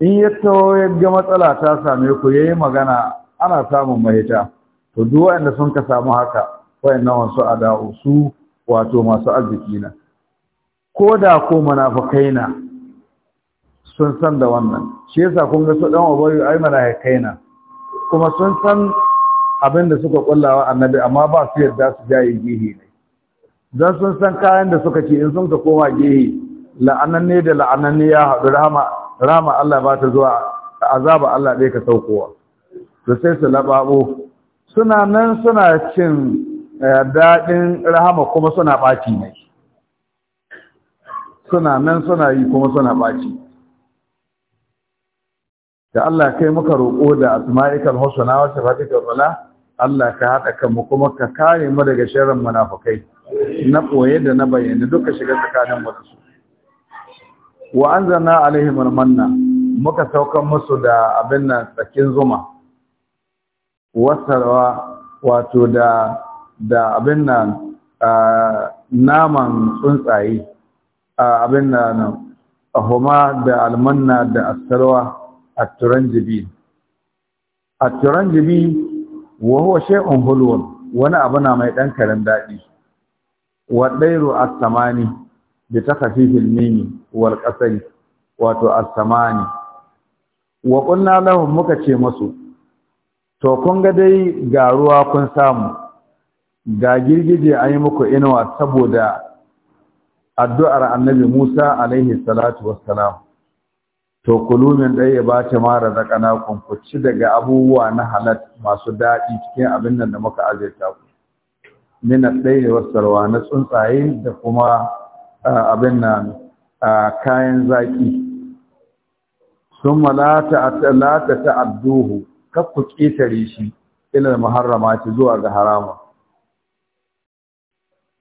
in ya taho ya ga matsala ta same ku yayi magana ana samun mahita to duk wanda sun ka samu haka wayannan wasu ada'u wato masu arziki na ko da ko munafukai na sun san da wannan shi yasa kun ga su dan ubayu ai munafukai na kuma sun san abin da suka kullawa annabi amma ba su yarda su jaye gihi ne dan sun san kayan da suka ci in sun ka koma gehe la'ananne da la'ananne ya hadu rama rama Allah ba ta zuwa azaba Allah dai ka saukowa to sai su laɓaɓo suna nan suna cin Eh, daɗin rahama kuma suna ɓaci mai suna nan suna yi kuma suna ɓaci da Allah kai muka roƙo da asma'ikal husna wa sifatikal ula Allah ka haɗa kanmu kuma ka kare mu daga sharrin munafukai na koye da na bayyana duka shiga tsakanin mu da su wa anzalna alaihim almanna muka saukan musu da abin nan tsakin zuma wasarwa wato da da abin nan naman tsuntsaye abin nan ahoma da almanna da asarwa a jibi. a turanjibi wahuwa shay'un hulwun wani abu na mai ɗan karin daɗi wa ɗairu as-samani bi takhfifil mim wal qasri wato as-samani wa qulna lahum muka ce masu. to kun ga dai ga ruwa kun samu ga girgije an yi muku inuwa saboda addu'ar annabi Musa alaihi salatu wassalam to kulumin ɗaya ba ta mara zakana kun ku daga abubuwa na halat masu daɗi cikin abin nan da muka azurta ku min ɗaya wasarwa na tsuntsaye da kuma abin nan kayan zaƙi sun malata ta abduhu kakku ƙetare shi ilal muharramati zuwa ga harama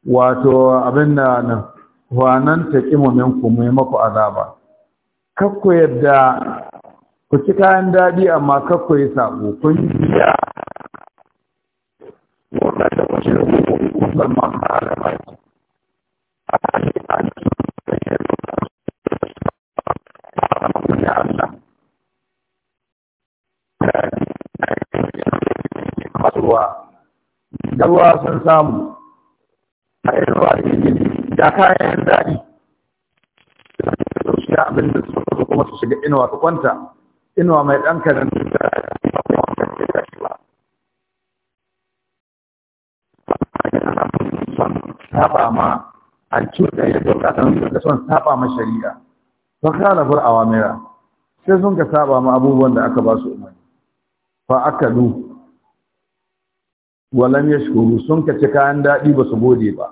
wato abin da nan wannan ta kimomin ku yi maku azaba kakku yadda ku ci kayan daɗi amma kakku yi sabo kun yi ya wannan da wasu da musamman a an da ke da ruwa sun samu a yin wa'ayi da kayan daɗi shiga abin da suka zo kuma su shiga inuwa ka kwanta inuwa mai ɗan karin da da ba. saba ma an cuta ya doka ta nuna da son saba ma shari'a fa kana fur awamira sai sun ka saba ma abubuwan da aka ba su umarni fa akalu walam yashkuru sun kace kayan dadi ba su gode ba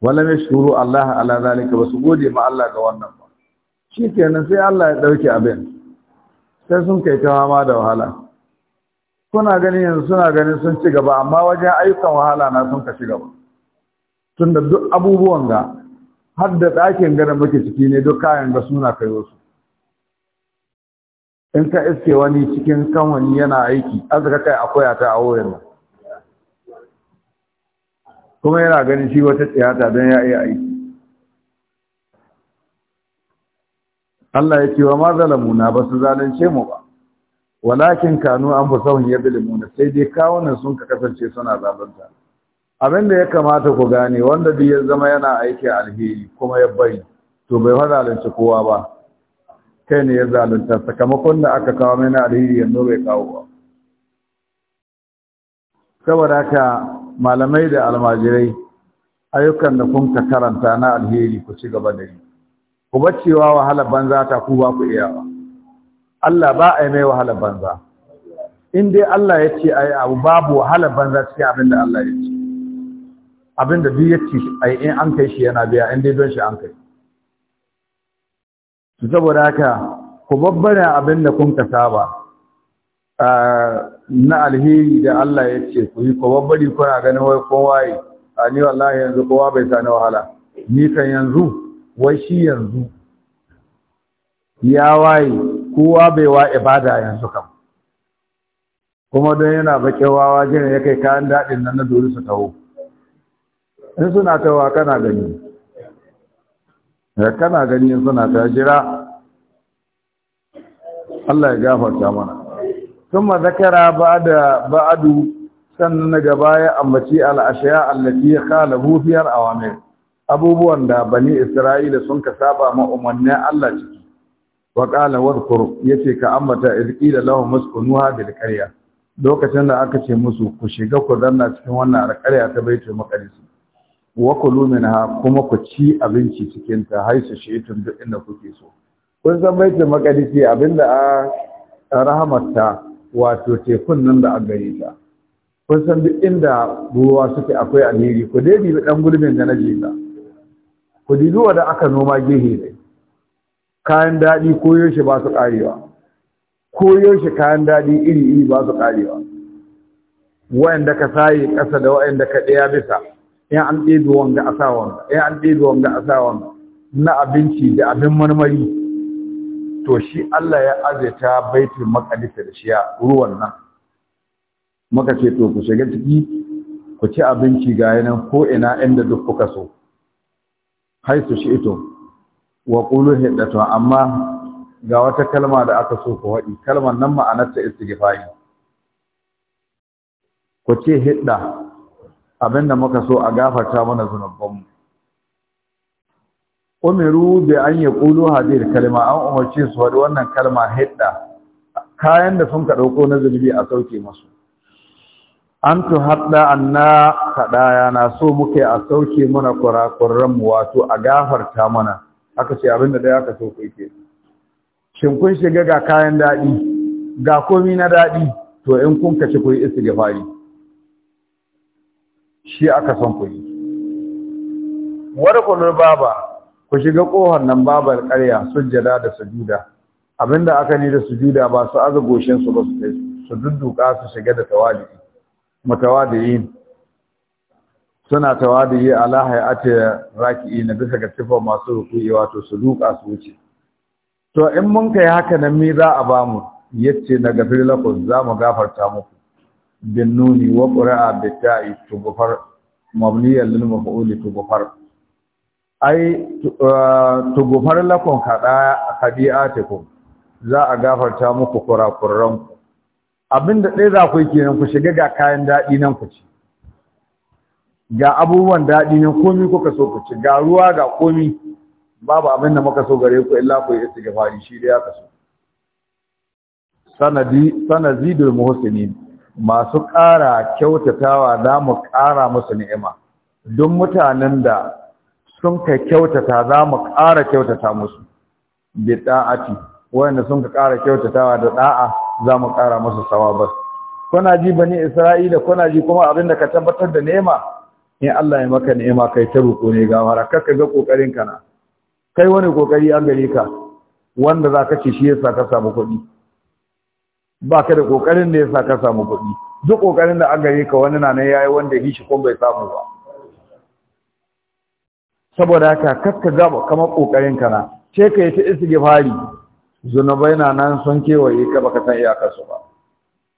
walam yashkuru Allah ala zalika ba su gode ma Allah ga wannan ba shikenan sai Allah ya dauke abin sai sun kai ta ma da wahala kuna ganin yanzu suna ganin sun ci gaba amma wajen ayyukan wahala na sun ka ci gaba tunda duk abubuwan ga har da ɗakin ganin muke ciki ne duk kayan ga suna kai wasu in ka iske wani cikin kanwani yana aiki arzika kai akwai ta a wurin kuma yana ganin shi wata tsiyata don ya iya aiki Allah ya ce wa ma zalamuna ba su zalunce mu ba walakin kanu an fi sahun ya bilimuna sai dai kawunan sun ka kasance suna zalunta abin da ya kamata ku gane wanda duk ya zama yana aiki a alheri kuma ya bari to bai fa kowa ba kai ne ya zalunta sakamakon da aka kawo mai na alheri yanzu bai kawo ba saboda haka malamai da almajirai ayyukan da kun ka karanta na alheri ku ci gaba da yi ku cewa wahalar banza ta ku ba ku iyawa Allah ba a yi mai wahalar banza in dai Allah ya ce a yi abu babu wahalar banza cikin abin da Allah ya ce abin da duk ya ce a yi in an kai shi yana biya in dai don shi an kai saboda haka ku babbara abin da kun saba na alheri da Allah ya ce ku yi ku babbari kuna ganin wai kowa yi a wallahi yanzu kowa bai sani wahala ni kan yanzu wai shi yanzu ya waye kowa bai wa ibada yanzu kam kuma don yana baƙin wawa jiran ya kai kayan daɗin nan na dole su taho in suna tawa kana gani da kana ganin suna ta jira Allah ya gafarta mana thumma zakara ba'da ba'adu sannan daga baya ambaci al-ashya allati khalafu fi al-awamir abubuwan da bani isra'ila sun ka saba ma umarnin Allah ciki wa qala wadhkur yace ka ambata izqila lahum muskunuha bil qarya lokacin da aka ce musu ku shiga ku zanna cikin wannan alƙarya ta baitul maqdis wa kulu minha kuma ku ci abinci cikin ta shi tun duk inda kuke so kun san baitul maqdisi abinda a rahamarta wato tekun nan da an gare ta kun san duk inda ruwa suke akwai alheri ku dai bi dan gulbin da na ka ku dibi da aka noma gehe ne kayan daɗi ko ba su karewa. ko kayan daɗi iri iri ba su ƙarewa wayanda ka sai kasa da wayanda ka daya bisa in an wanga a sa wanga in na abinci da abin marmari to shi Allah ya azaita baitul maqdis da shiya ruwan nan muka ce to ku shiga ciki ku ci abinci ga yanan ko ina inda duk kuka so Hai su shi ito wa qulu hiddatu amma ga wata kalma da aka so ku haɗi kalmar nan ma'anarta istighfari ku ce hidda abinda muka so a gafarta mana zunubanmu umiru bi an ƙulu hadir kalma an umarci su wani wannan kalma hidda kayan da sun ka ɗauko na zunubi a sauke masu. an tu an na kadaya na so muke a sauke mana kurakurran mu wato a gafarta mana aka ce abinda da ka so kuke shin kun shiga ga kayan daɗi, ga komi na daɗi, to in kun kuyi kun yi istighfari shi aka son ku yi warkulul baba ku shiga kohon nan babar ƙarya sujjada da sujuda abinda aka ni da sujuda ba su aza goshin su ba su kai su dudduka su shiga da tawadi mutawadiyin suna tawadi ala hayati raki'i na bisa ga sifar masu ruku'i wato su duka su wuce to in mun kai haka nan me za a bamu mu yace na gafir lakum za mu gafarta muku بالنون وقرأ بالتاء تغفر مبنيا للمفعول تغفر أي تغفر لكم خطيئاتكم za a gafarta muku kurakurranku abinda ɗaya za ku yi kenan ku shiga ga kayan daɗi nan ku ci ga abubuwan daɗi nan komi kuka so ku ci ga ruwa ga komi babu abin da muka so gare ku illa ku yi istighfari shi da ya kaso sanadi sanazidul muhsinin masu ƙara kyautatawa za mu ƙara musu ni'ima duk mutanen da sun ka kyautata za mu ƙara kyautata musu bi ɗa'ati wanda sun ka ƙara kyautatawa da ɗa'a za mu ƙara musu sawabar kuna ji bani isra'ila kuna ji kuma abin da ka tabbatar da ni'ima in Allah ya maka ni'ima kai ta roƙo ne gawara kakka ga kokarin ka na kai wani kokari an gare ka wanda za ka ce shi yasa ka samu kuɗi ba ka da ƙoƙarin da ya sa ka samu kuɗi duk ƙoƙarin da aka yi ka wani na nan yi wanda ya shi kun bai samu ba saboda haka kakka gaba kamar ƙoƙarin kana ce ka yi ta fari. zunubai na nan sun kewaye ka baka san iyakarsu ba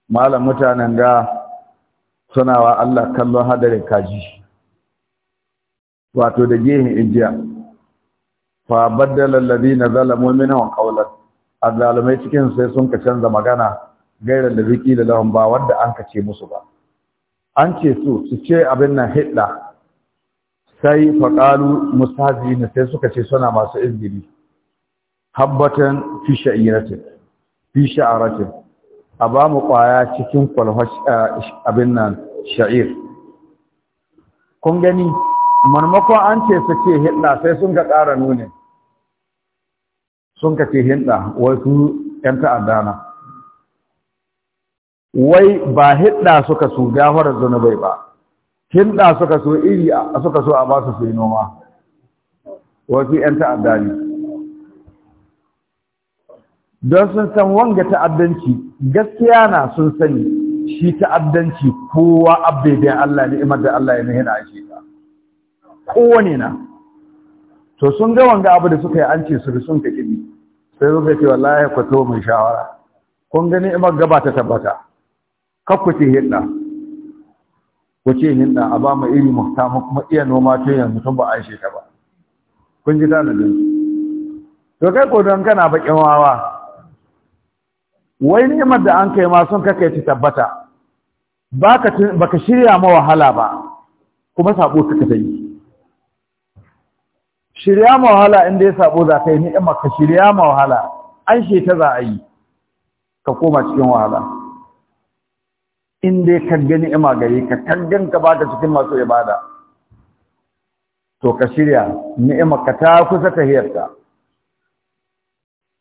malam mutanen ga suna wa Allah kallon hadarin kaji wato da gehen injiya fa baddala alladhina zalamu minhum qawlan zalumai cikin sai sun ka canza magana gairar da zai da lahun ba wanda an ka ce musu ba an ce su su ce abin nan hidda sai faƙalu mustazi na sai suka ce suna masu izgiri habbatan fi sha'iratin fi sha'aratin a ba mu ƙwaya cikin kwalhwa abin nan sha'ir kun gani marmakon an ce su ce hidda sai sun ga ƙara nuni. sun ka ce hidda wasu 'yan ta'adda na wai ba hidda suka su gafara zunubai ba hidda suka so iri suka so a ba su sai noma wasu 'yan ta'adda ne don sun san wanga ta'addanci gaskiya na sun sani shi ta'addanci kowa abbedan Allah imar da Allah ya nuna na ake ta kowane na to sun ga wanga abu da suka yi an ce su sun ka kibi sai suka ce wallahi ku to mun shawara kun ga ni'imar gaba ta tabbata kakwace ce kwace ku ce a ba mu iri mafita kuma iya noma ta yanzu tun ba an sheka ba kun ji tanadin to kai ko don kana bakin wawa wai ni'imar da an kai ma sun kakai ta tabbata baka ka shirya ma wahala ba kuma sabo ta yi shirya ma wahala inda ya sabo za ka yi ni'imar ka shirya ma wahala an shi ta za a yi ka koma cikin wahala in dai ka gani ima gare ka kaddan ka baka cikin masu ibada to ka shirya ni'ima ka ta kusa ta hiyarta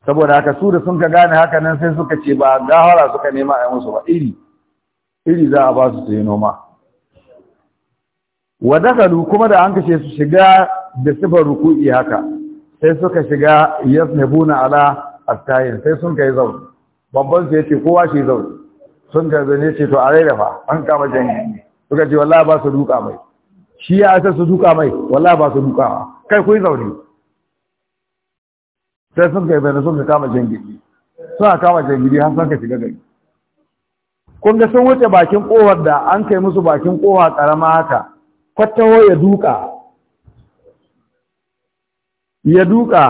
saboda haka su da sun ka gane haka nan sai suka ce ba gahara suka nema a musu ba iri iri za a ba su yi noma wa dakalu kuma da an kashe su shiga da sifar ruku'i haka sai suka shiga yasnabuna ala astayin sai sun kai zaune babban su yace kowa shi sun karbe ne ce to a rai dafa an kama jangi suka ce wallahi ba su duka mai shi ya asa su duka mai wallahi ba su duka kai ku yi zaune sai sun yi bayan sun ka kama jangiri suna kama jangiri har sun ka shiga gari kun ga sun wuce bakin kowar da an kai musu bakin kowa karama haka kwatawo ya duka ya duka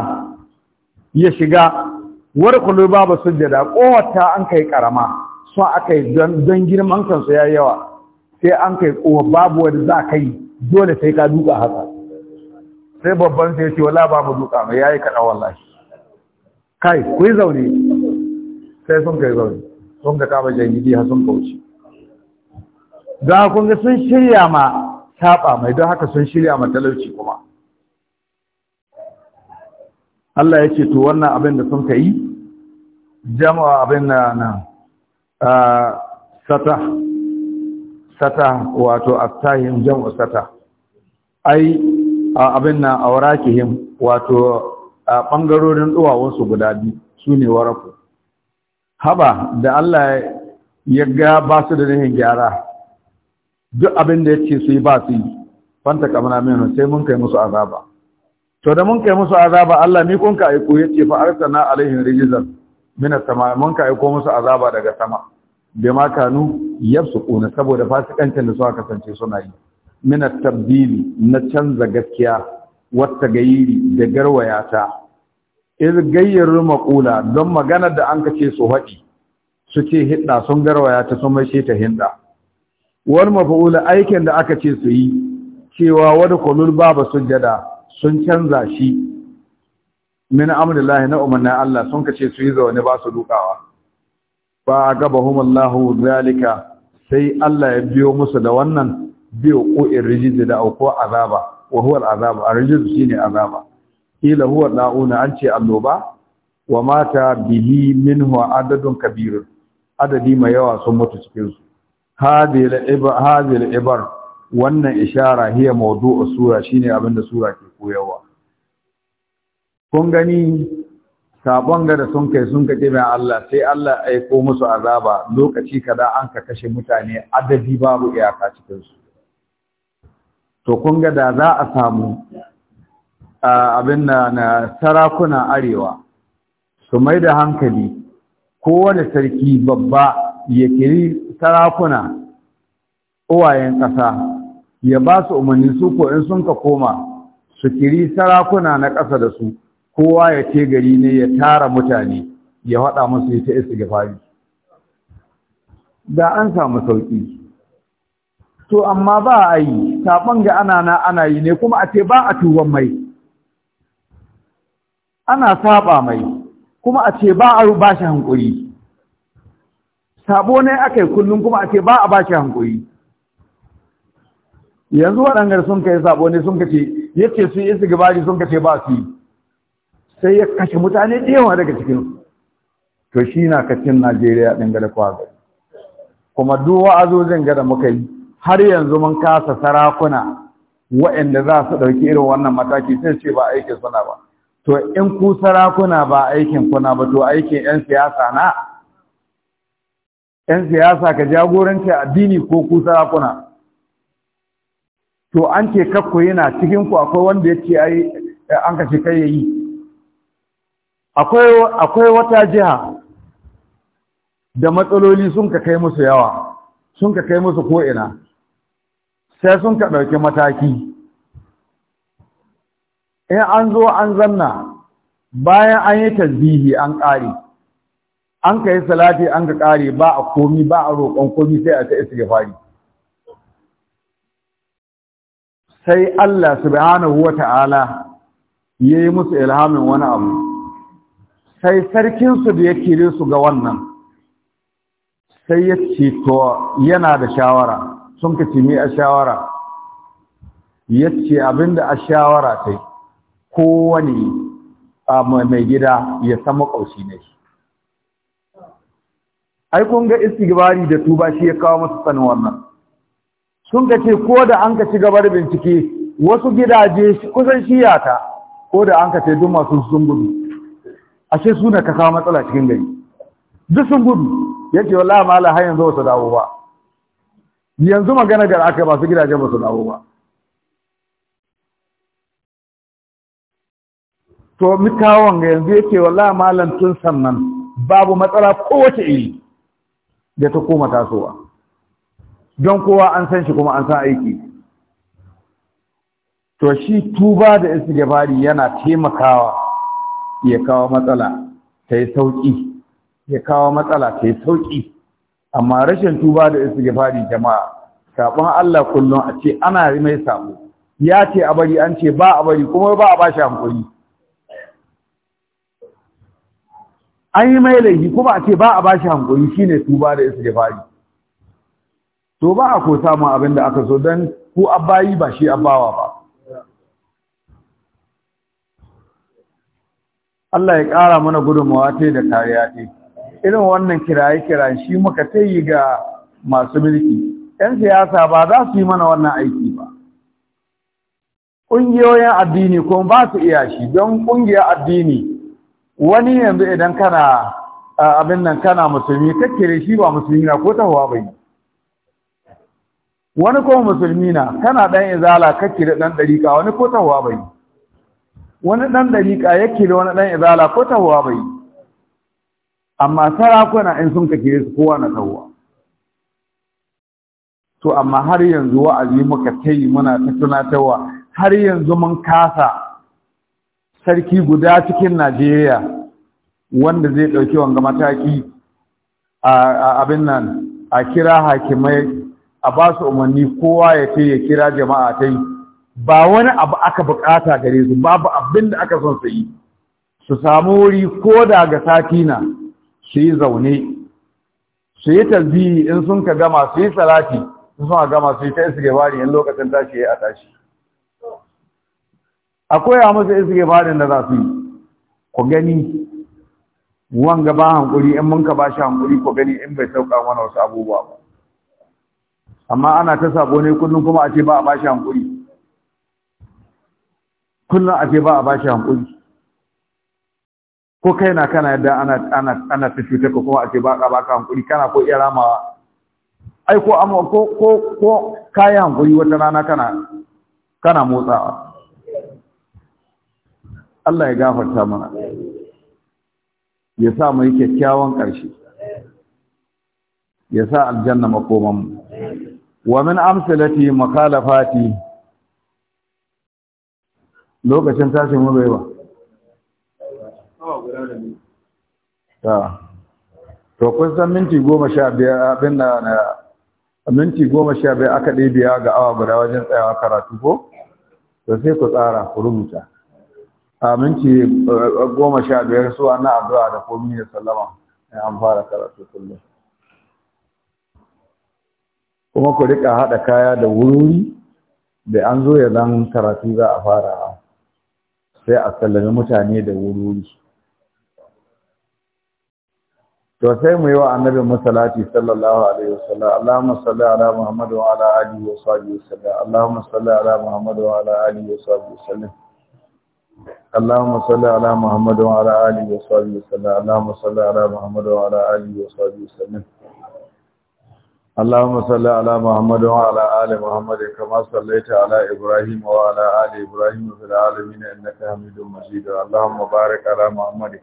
ya shiga warkulu babu sujjada jada, ta an kai karama so aka yi don girman kansu ya yawa sai an kai kowa babu wani za ka yi dole sai ka duka haka sai babban sai ce wala ba mu duka mai yayi kaɗa wallahi kai ku yi zaune sai sun kai zaune sun ga kama jan gidi sun kauce don a kunga sun shirya ma saba mai don haka sun shirya ma talauci kuma Allah ya ce to wannan abin da sun ka yi jama'a abin na nan sata sata wato aftahim jam'u sata ai abin na awrakihim wato bangarorin su guda biyu sune warafu haba da Allah ya ga ba su da nihin gyara duk abin da ya su yi ba su yi fanta kamar menu sai mun kai musu azaba to da mun kai musu azaba Allah ni kun ka aiko yace fa arsalna alaihim rijzan min as-sama mun ka aiko musu azaba daga sama bima kanu yafsuquna saboda fasikancin da suka kasance suna yi min at na canza gaskiya wata gayiri da garwaya ta iz gayyaru maqula don magana da an kace su haɗi su ce hidda sun garwaya ta sun mai ta hinda wal maf'ula aikin da aka ce su yi cewa wada kulul baba sujjada sun canza shi min amrillahi na umanna Allah sun kace su yi zaune ba su dukawa ba agabahum Allahu zalika sai Allah ya biyo musu da wannan biyo ko irjiz da ko azaba wa huwa al'azab arjiz shine azaba ila huwa da'una an ce annoba wa mata bihi minhu adadun kabir adadi mai yawa sun mutu cikin su hadhihi ibar wannan ishara hiya mawdu'u sura shine abinda sura ke koyarwa kun gani sabon gada sun kai sun kace mai Allah sai Allah ya aiko musu azaba lokaci kada an ka kashe mutane adadi babu iyaka cikin su to kun ga da za a samu abin na na sarakuna arewa su mai da hankali kowane sarki babba ya kiri sarakuna uwayen ƙasa ya ba su umarni su ko in sun ka koma su kiri sarakuna na ƙasa da su kowa ya ce gari ne ya tara mutane ya faɗa musu ya ta fari. da an samu sauƙi. to amma ba a yi saɓon ga ana na ana yi ne kuma a ce ba a tuban mai ana saɓa mai kuma a ce ba a ba shi hankuri sabo ne aka yi kullum kuma a ce ba a ba shi hankuri yanzu waɗangar sun kai sabo ne sun kace yake su yi su gabari sun kace ba su yi sai ya kashe mutane da yawa daga cikin to shi na kacin Najeriya ɗin gada kwa gari kuma duk wa'azozin gada muka yi har yanzu mun kasa sarakuna waɗanda za su ɗauki irin wannan mataki sai ce ba aikin suna ba to in ku sarakuna ba aikin kuna ba to aikin 'yan siyasa na 'yan siyasa ka jagoranci addini ko ku sarakuna to an ce kakko yana cikin ku akwai wanda ya ce ai an kashe ce kai yayi akwai wata jiha da matsaloli sun ka kai musu yawa sun ka kai musu ko'ina sai sun ka ɗauki mataki in an zo an zanna bayan an yi tasbihi an ƙari an ka yi salati an ka ƙari ba a komi ba a roƙon komi sai a ta fari sai Allah subhanahu wa ta'ala ya yi musu ilhamin wani abu sai sarkinsu da ya kire su ga wannan sai ya ce to yana da shawara sun ka ce a shawara ya ce abinda a shawara sai kowane mai gida ya sama ƙaushi ne ai kun ga istigbari da tuba shi ya kawo masu tsanin wannan sun ka ce ko da an ka ci gaba bincike wasu gidaje kusan shiyata ko da an ka ce duk masu sun gudu ashe suna ka kawo matsala cikin gari duk sun gudu yake wallahi mala har yanzu wasu dawo ba yanzu magana da aka ba masu gidajen ba su dawo ba to mutawon ga yanzu yake wallahi malam tun sannan babu matsala kowace iri da ta koma tasowa don kowa an san shi kuma an san aiki to shi tuba da gabari yana taimakawa ya kawo matsala ta yi sauƙi ya kawo matsala ta yi sauƙi amma rashin tuba da fari jama'a saƙon Allah kullum a ce ana mai saƙo, ya ce a bari an ce ba a bari kuma ba a bashi hankali an yi mai laifi kuma a ce ba a bashi hankali shine tuba da fari, to ba a ko samun abin da aka so don ko abbayi ba shi abbawa ba Allah ya ƙara mana gudunmawa ta da kariya ta irin wannan kiraye-kiraye shi muka ta yi ga masu mulki ‘yan siyasa ba za su yi mana wannan aiki ba ƙungiyoyin addini kuma ba su iya shi don ƙungiyar addini wani yanzu idan kana abin nan kana musulmi kere shi ba musulmi na ko tahowa bai wani kuma musulmi na kana ɗan izala kakkere ɗan ɗarika wani ko tahowa bai wani ɗan dariƙa yake da wani ɗan izala ko tahuwa bai amma sarakuna in sun ka kire su kowa na tahuwa to amma har yanzu wa'azi muka tayi muna ta tunatarwa har yanzu mun kasa sarki guda cikin Najeriya wanda zai ɗauki wanga mataki a abin nan a kira hakimai a ba su umarni kowa ya ce ya kira jama'a ta yi ba wani abu aka bukata gare su babu abin da aka son su yi su samu wuri ko da ga sati na su yi zaune su yi tasbihi in sun ka gama su yi salati in sun ka gama su yi ta bari in lokacin tashi ya tashi akwai a musu bari da za su yi ku gani wanga ba hankuri in mun ka ba shi hankuri ku gani in bai sauka mana wasu abubuwa ba amma ana ta sabo ne kullum kuma a ce ba a ba shi hankuri kullum a ce ba a shi hankuli ko kai na kana yadda ana ana ana ta cutar ka kuma a ce ba ka baka hankuli kana ko iya ramawa ai ko amma ko ko ko kai hankuli wata rana kana kana motsawa Allah ya gafarta mana ya sa mu kyakkyawan ƙarshe ya sa aljanna makoman mu wa min amsalati makalafati lokacin tashin mu bai ba ta to kun san minti goma sha biyar abin da na minti goma sha biyar aka ɗebiya ga awa guda wajen tsayawa karatu ko to sai ku tsara ku rubuta a minti eh, goma sha biyar su ana addu'a da komi da sallama in an fara karatu kullum kuma ku rika haɗa kaya da wuri da an zo ya zan karatu za a fara sai a sallami mutane da wuri to sai mu yi wa annabi musallati sallallahu alaihi wasallam allahumma salli ala muhammad wa ala alihi wa sahbihi wasallam allahumma salli ala muhammad wa ala alihi wa sahbihi wasallam allahumma salli ala muhammad wa ala alihi wa sahbihi wasallam allahumma salli ala muhammad wa ala alihi wa sahbihi wasallam اللهم صل على محمد وعلى آل محمد كما صليت على إبراهيم وعلى آل إبراهيم في العالمين إنك حميد مجيد اللهم بارك على محمد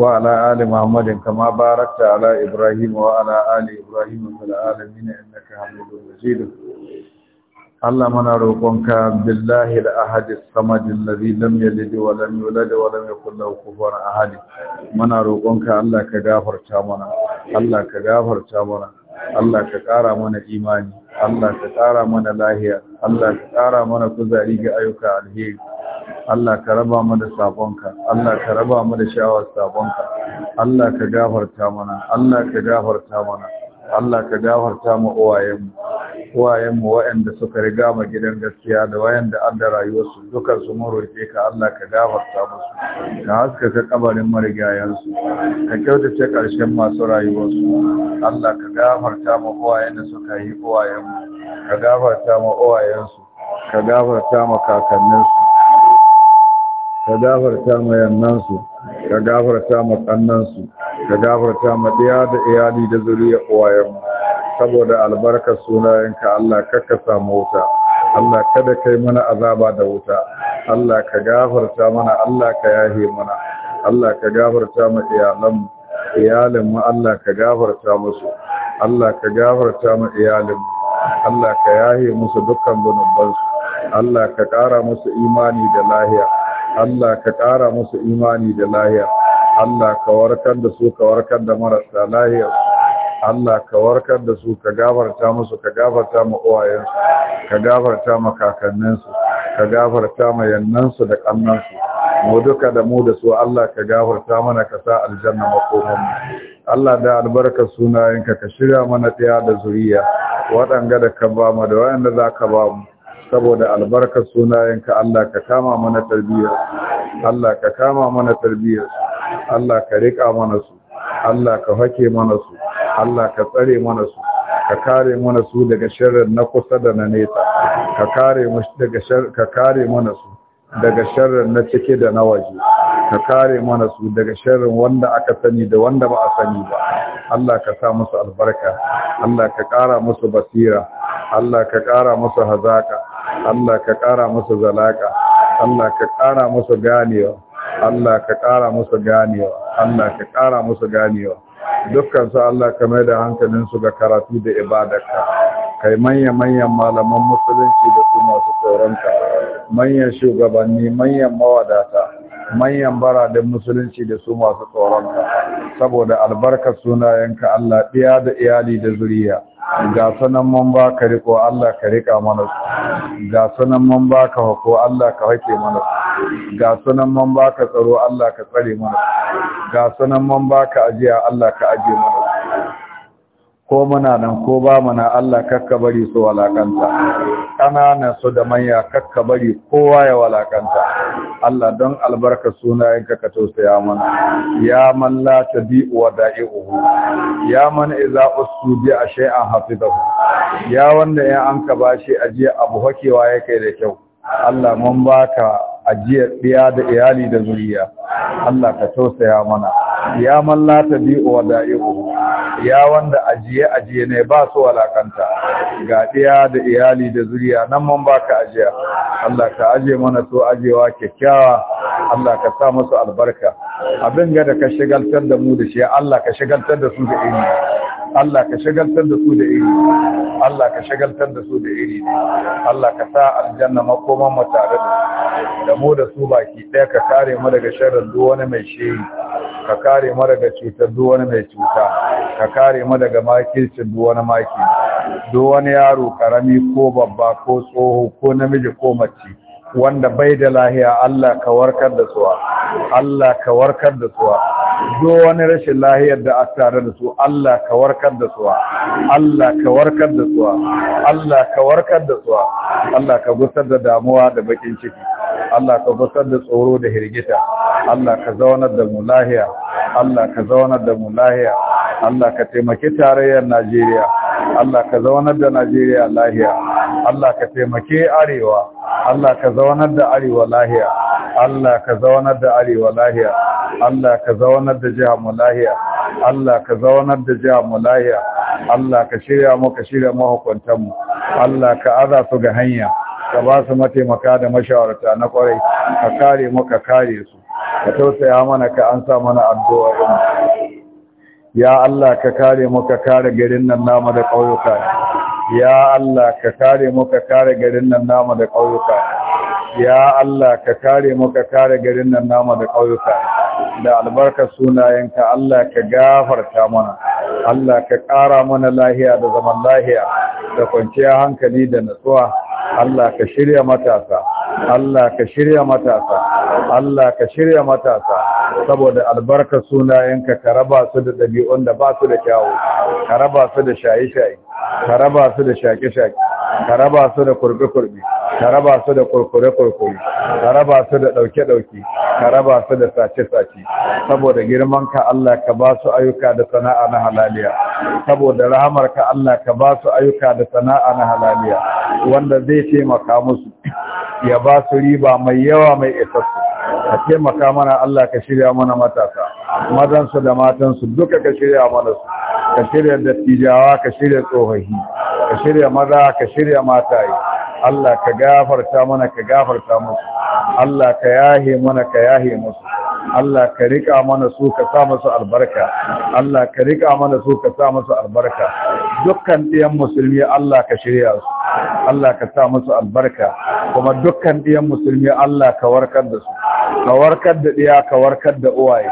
وعلى آل محمد كما باركت على إبراهيم وعلى آل إبراهيم في العالمين إنك حميد مجيد اللهم نروقك بالله الأحد الصمد الذي لم يلد ولم يولد ولم يكن له كفوا أحد منا روقك الله كغفرت منا الله كغفرت منا Allah ka ƙara mana imani Allah ka ƙara mana lahiya Allah ka ƙara mana kuzari ga ayyuka alheri Allah ka raba mu da sabonka Allah ka raba mu da sha'awar sabonka Allah ka gafarta mana Allah ka gafarta mana Allah ka gafarta mu uwayenmu uwayenmu waɗanda suka riga mu gidan gaskiya da waɗanda an da rayuwarsu dukan su mu roƙe ka Allah ka gafarta musu ka ka kabarin marigayansu ka kyautace ƙarshen masu rayuwarsu Allah ka gafarta mu uwayen da suka yi uwayenmu ka gafarta mu uwayensu ka gafarta mu kakanninsu ka gafarta mu yannansu ka gafarta ma kannansu ka gafarta ma ɗaya da iyali da zuriya uwayen saboda albarkar sunayenka Allah kakka samu wuta Allah kada kai mana azaba da wuta Allah ka gafarta mana Allah ka yahe mana Allah ka gafarta ma iyalanmu iyalinmu Allah ka gafarta musu Allah ka gafarta ma iyalinmu Allah ka yahe musu dukkan zunubansu Allah ka ƙara musu imani da lahiya Allah ka ƙara musu imani da lahiya Allah ka warkar da su ka warkar da marasa lahiya Allah ka warkar da su ka gafarta musu ka gafarta ma uwayensu ka gafarta ma kakanninsu ka gafarta ma yannansu da ƙannansu mu duka da mu da su Allah ka gafarta mana ka sa aljanna makomanmu Allah da albarkar sunayenka ka shirya mana tsaya da zuriya waɗanga da ka ba mu da wayanda za ka ba mu saboda albarkar sunayenka Allah ka kama mana tarbiyyar Allah ka kama mana tarbiyyar Allah ka rika mana su Allah ka hake mana su Allah ka tsare mana su ka kare mana su daga sharrin na kusa da na nesa ka kare mu daga ka kare mana su daga sharrin na cike da na waje ka kare mana su daga sharrin wanda aka sani da wanda ba a sani ba Allah ka sa musu albarka Allah ka kara musu basira Allah ka kara musu hazaka Allah ka kara musu zalaka Allah ka kara musu ganewa Allah ka kara musu ganewa Allah ka kara musu ganewa dukkan su Allah ka mai da hankalin su ga karatu da ibada ka. kai manya manyan malaman musulunci da su masu tsoronka manyan shugabanni manyan mawadata manyan baradin musulunci da su masu tsoronka saboda albarkar sunayenka Allah ɗiya da iyali da zuriya ga sanan mun ba ka riko Allah ka rika mana su ga sanan mun ba ka hako Allah ka hake mana su ga sanan mun ba ka tsaro Allah ka tsare mana su ga sanan mun ba ka ajiya Allah ka ajiye mana su ko muna nan ko ba mana Allah kakka bari su walakanta ƙananan su da manya kakka bari kowa ya walakanta Allah don albarka sunayenka ka tausaya mana ya man la tabi'u wa da'i'uhu ya man su usubi a shay'an hafizahu ya wanda ya an ka bashi ajiya abu hakewa yake da kyau Allah mun baka ajiyar ɗiya da iyali da zuriya Allah ka tausaya mana ya mallata la tabi'u wa da'ihu ya wanda ajiye ajiye ne ba su walakanta ga ɗiya da iyali da zuriya nan man baka ajiya Allah ka ajiye mana to ajiyewa kyakkyawa Allah ka sa musu albarka abin ga da ka shigaltar da mu da shi Allah ka shigaltar da su da ilimi Allah ka shigaltar da su da iri Allah ka shigaltar da su da iri Allah ka sa aljanna makoman mu tare da kamo da su baki ɗaya ka kare mu daga sharar duk wani mai shehi ka kare mu daga cutar duk wani mai cuta ka kare mu daga makircin duk wani maki duk wani yaro karami ko babba ko tsoho ko namiji ko mace wanda bai da lahiya Allah ka warkar da suwa Allah ka warkar da suwa Zo wani rashin lahiyar da aka tare da su Allah ka warkar da suwa Allah ka warkar da suwa Allah ka warkar da suwa Allah ka gusar da damuwa da bakin ciki Allah ka gusar da tsoro da hirgita Allah ka zaunar da mu lahiya Allah ka zaunar da mu lahiya Allah ka taimaki tarayyar Najeriya Allah ka zaunar da Najeriya lahiya Allah ka taimake arewa Allah ka zaunar da arewa lahiya Allah ka zaunar da arewa lahiya Allah ka zaunar da jiha mu lahiya Allah ka zaunar da jiha mu lahiya Allah ka shirya mu ka shirya mahukuntan mu Allah ka aza su ga hanya ka ba su mataimaka da mashawarta na kwarai ka kare mu ka kare su ka tausaya mana ka an sa mana addu'a ya Allah ka kare mu ka kare garin nan namu da ƙauyuka ya Allah ka kare mu ka kare garin nan namu da ƙauyuka ya Allah ka kare mu ka kare garin nan namu da ƙauyuka da albarkar sunayenka Allah ka gafarta mana Allah ka ƙara mana lahiya da zaman lahiya da kwanciyar hankali da natsuwa Allah ka shirya matasa Allah ka shirya matasa Allah ka shirya matasa saboda albarka sunayenka ka raba su da ɗabi'un da ba su da kyawu ka raba su da shaye-shaye ka raba su da shaƙe-shaƙe ka raba su da kurbe-kurbe ka raba su da kurkure-kurkure ka raba su da ɗauke-ɗauke ka raba su da sace-sace saboda ka Allah ka ba su ayyuka da sana'a na halaliya saboda ka Allah ka ba su ayyuka da sana'a na halaliya wanda zai taimaka musu ya ba su riba mai yawa mai isassu ka taimaka mana Allah ka shirya mana matasa Mazansa da matansu duka ka shirya mana su ka shirya dattijawa ka shirya tsohahi ka shirya maza ka shirya mataye Allah ka gafarta mana ka gafarta musu Allah ka yahe mana ka yahe musu Allah ka rika mana su ka sa musu albarka Allah ka rika mana su ka sa musu albarka dukkan ɗiyan musulmi Allah ka shirya su Allah ka sa musu albarka kuma dukkan ɗiyan musulmi Allah ka warkar da su ka warkar da ɗiya ka warkar da uwaye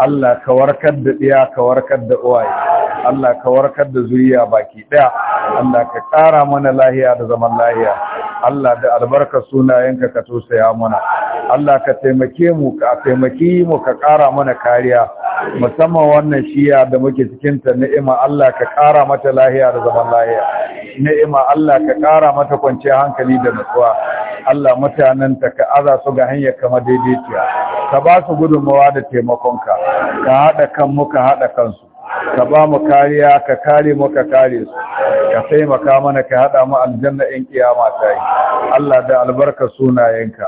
Allah ka warkar da ɗiya ka warkar da uwaye Allah ka warkar da zuriya baki ɗaya. Allah ka ƙara mana lahiya da zaman lahiya Allah da albarka sunayenka ka tosaya mana Allah ka taimake mu ka taimaki mu ka kara mana kariya musamman wannan shiya da muke cikin ta ni'ima Allah ka ƙara mata lahiya da zaman lahiya ni'ima Allah ka kara mata kwanciyar hankali da nutsuwa Allah mutanen ta ka aza su ga hanyar kama daidaitiya ka ba su gudunmawa da taimakonka ka haɗa kan muka haɗa kansu ka ba mu kariya ka kare mu ka kare su ka sai taimaka mana ka haɗa mu aljanna in kiyama ta yi Allah da albarka sunayenka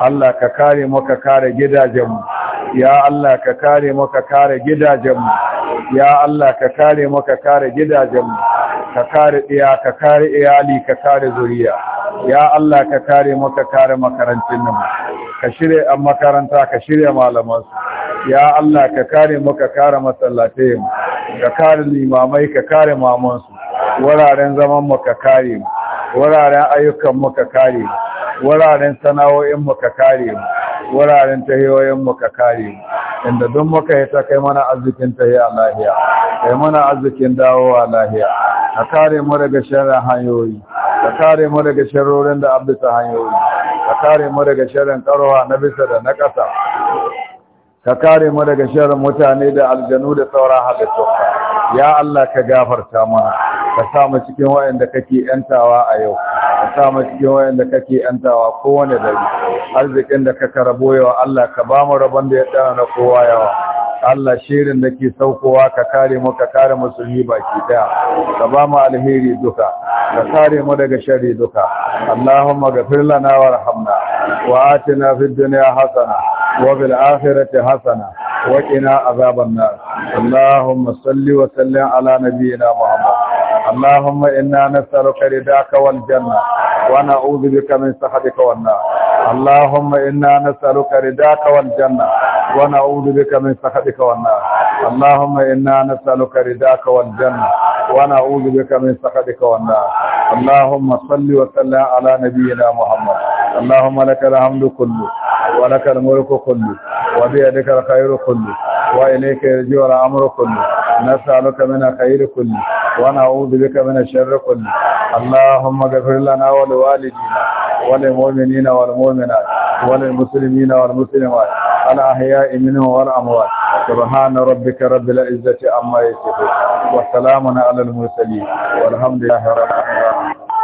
Allah ka kare mu ka kare gidajenmu ya Allah ka kare mu ka kare gidajenmu ya Allah ka kare mu ka kare gidajenmu ka kare ɗiya ka kare iyali ka kare zuriya ya Allah ka kare maka kare makarantun nan ka shirya an makaranta ka shirya malamansu ya Allah ka kare maka kare masallatai ka kare limamai ka kare mamansu wuraren zaman mu ka kare mu wuraren ayyukan muka kare wuraren sana'o'in muka kare wuraren tahiyoyin muka kare inda duk muka yi ta kai mana arzikin tahiya lahiya kai mana arzikin dawowa lahiya ka kare mu daga sharrin hanyoyi ka kare mu daga sharrorin da abisa hanyoyi ka kare mu daga sharrin karowa na bisa da na ƙasa ka kare mu daga sharrin mutane da aljanu da sauran halittu ya Allah ka gafarta mana ka sa mu cikin wayanda kake yantawa a yau ka sa mu cikin wayanda kake yantawa kowane dare arzikin da ka karabo yawa Allah ka ba mu rabon da ya dana na kowa yawa Allah shirin da ke saukowa ka kare mu ka kare musulmi baki daya ka ba mu alheri duka ka kare mu daga sharri duka Allahumma ghafir lana warhamna wa atina fid dunya hasana wa bil akhirati hasana wa qina azaban nar Allahumma salli wa sallim ala Muhammad اللهم إنا نسألك رداك والجنة ونعوذ بك من سخطك والنار اللهم إنا نسألك رداك والجنة ونعوذ بك من سخطك والنار اللهم إنا نسألك رداك والجنة ونعوذ بك من سخطك والنار اللهم صل وسلم على نبينا محمد اللهم لك الحمد كله ولك الملك كله وبيدك الخير كله وإليك يرجع الأمر كله نسألك من الخير كله ونعوذ بك من شر كله اللهم اغفر لنا ولوالدينا وللمؤمنين والمؤمنات وللمسلمين والمسلمات الأحياء منهم والأموات سبحان ربك رب العزة عما يصفون وسلام على المرسلين والحمد لله رب العالمين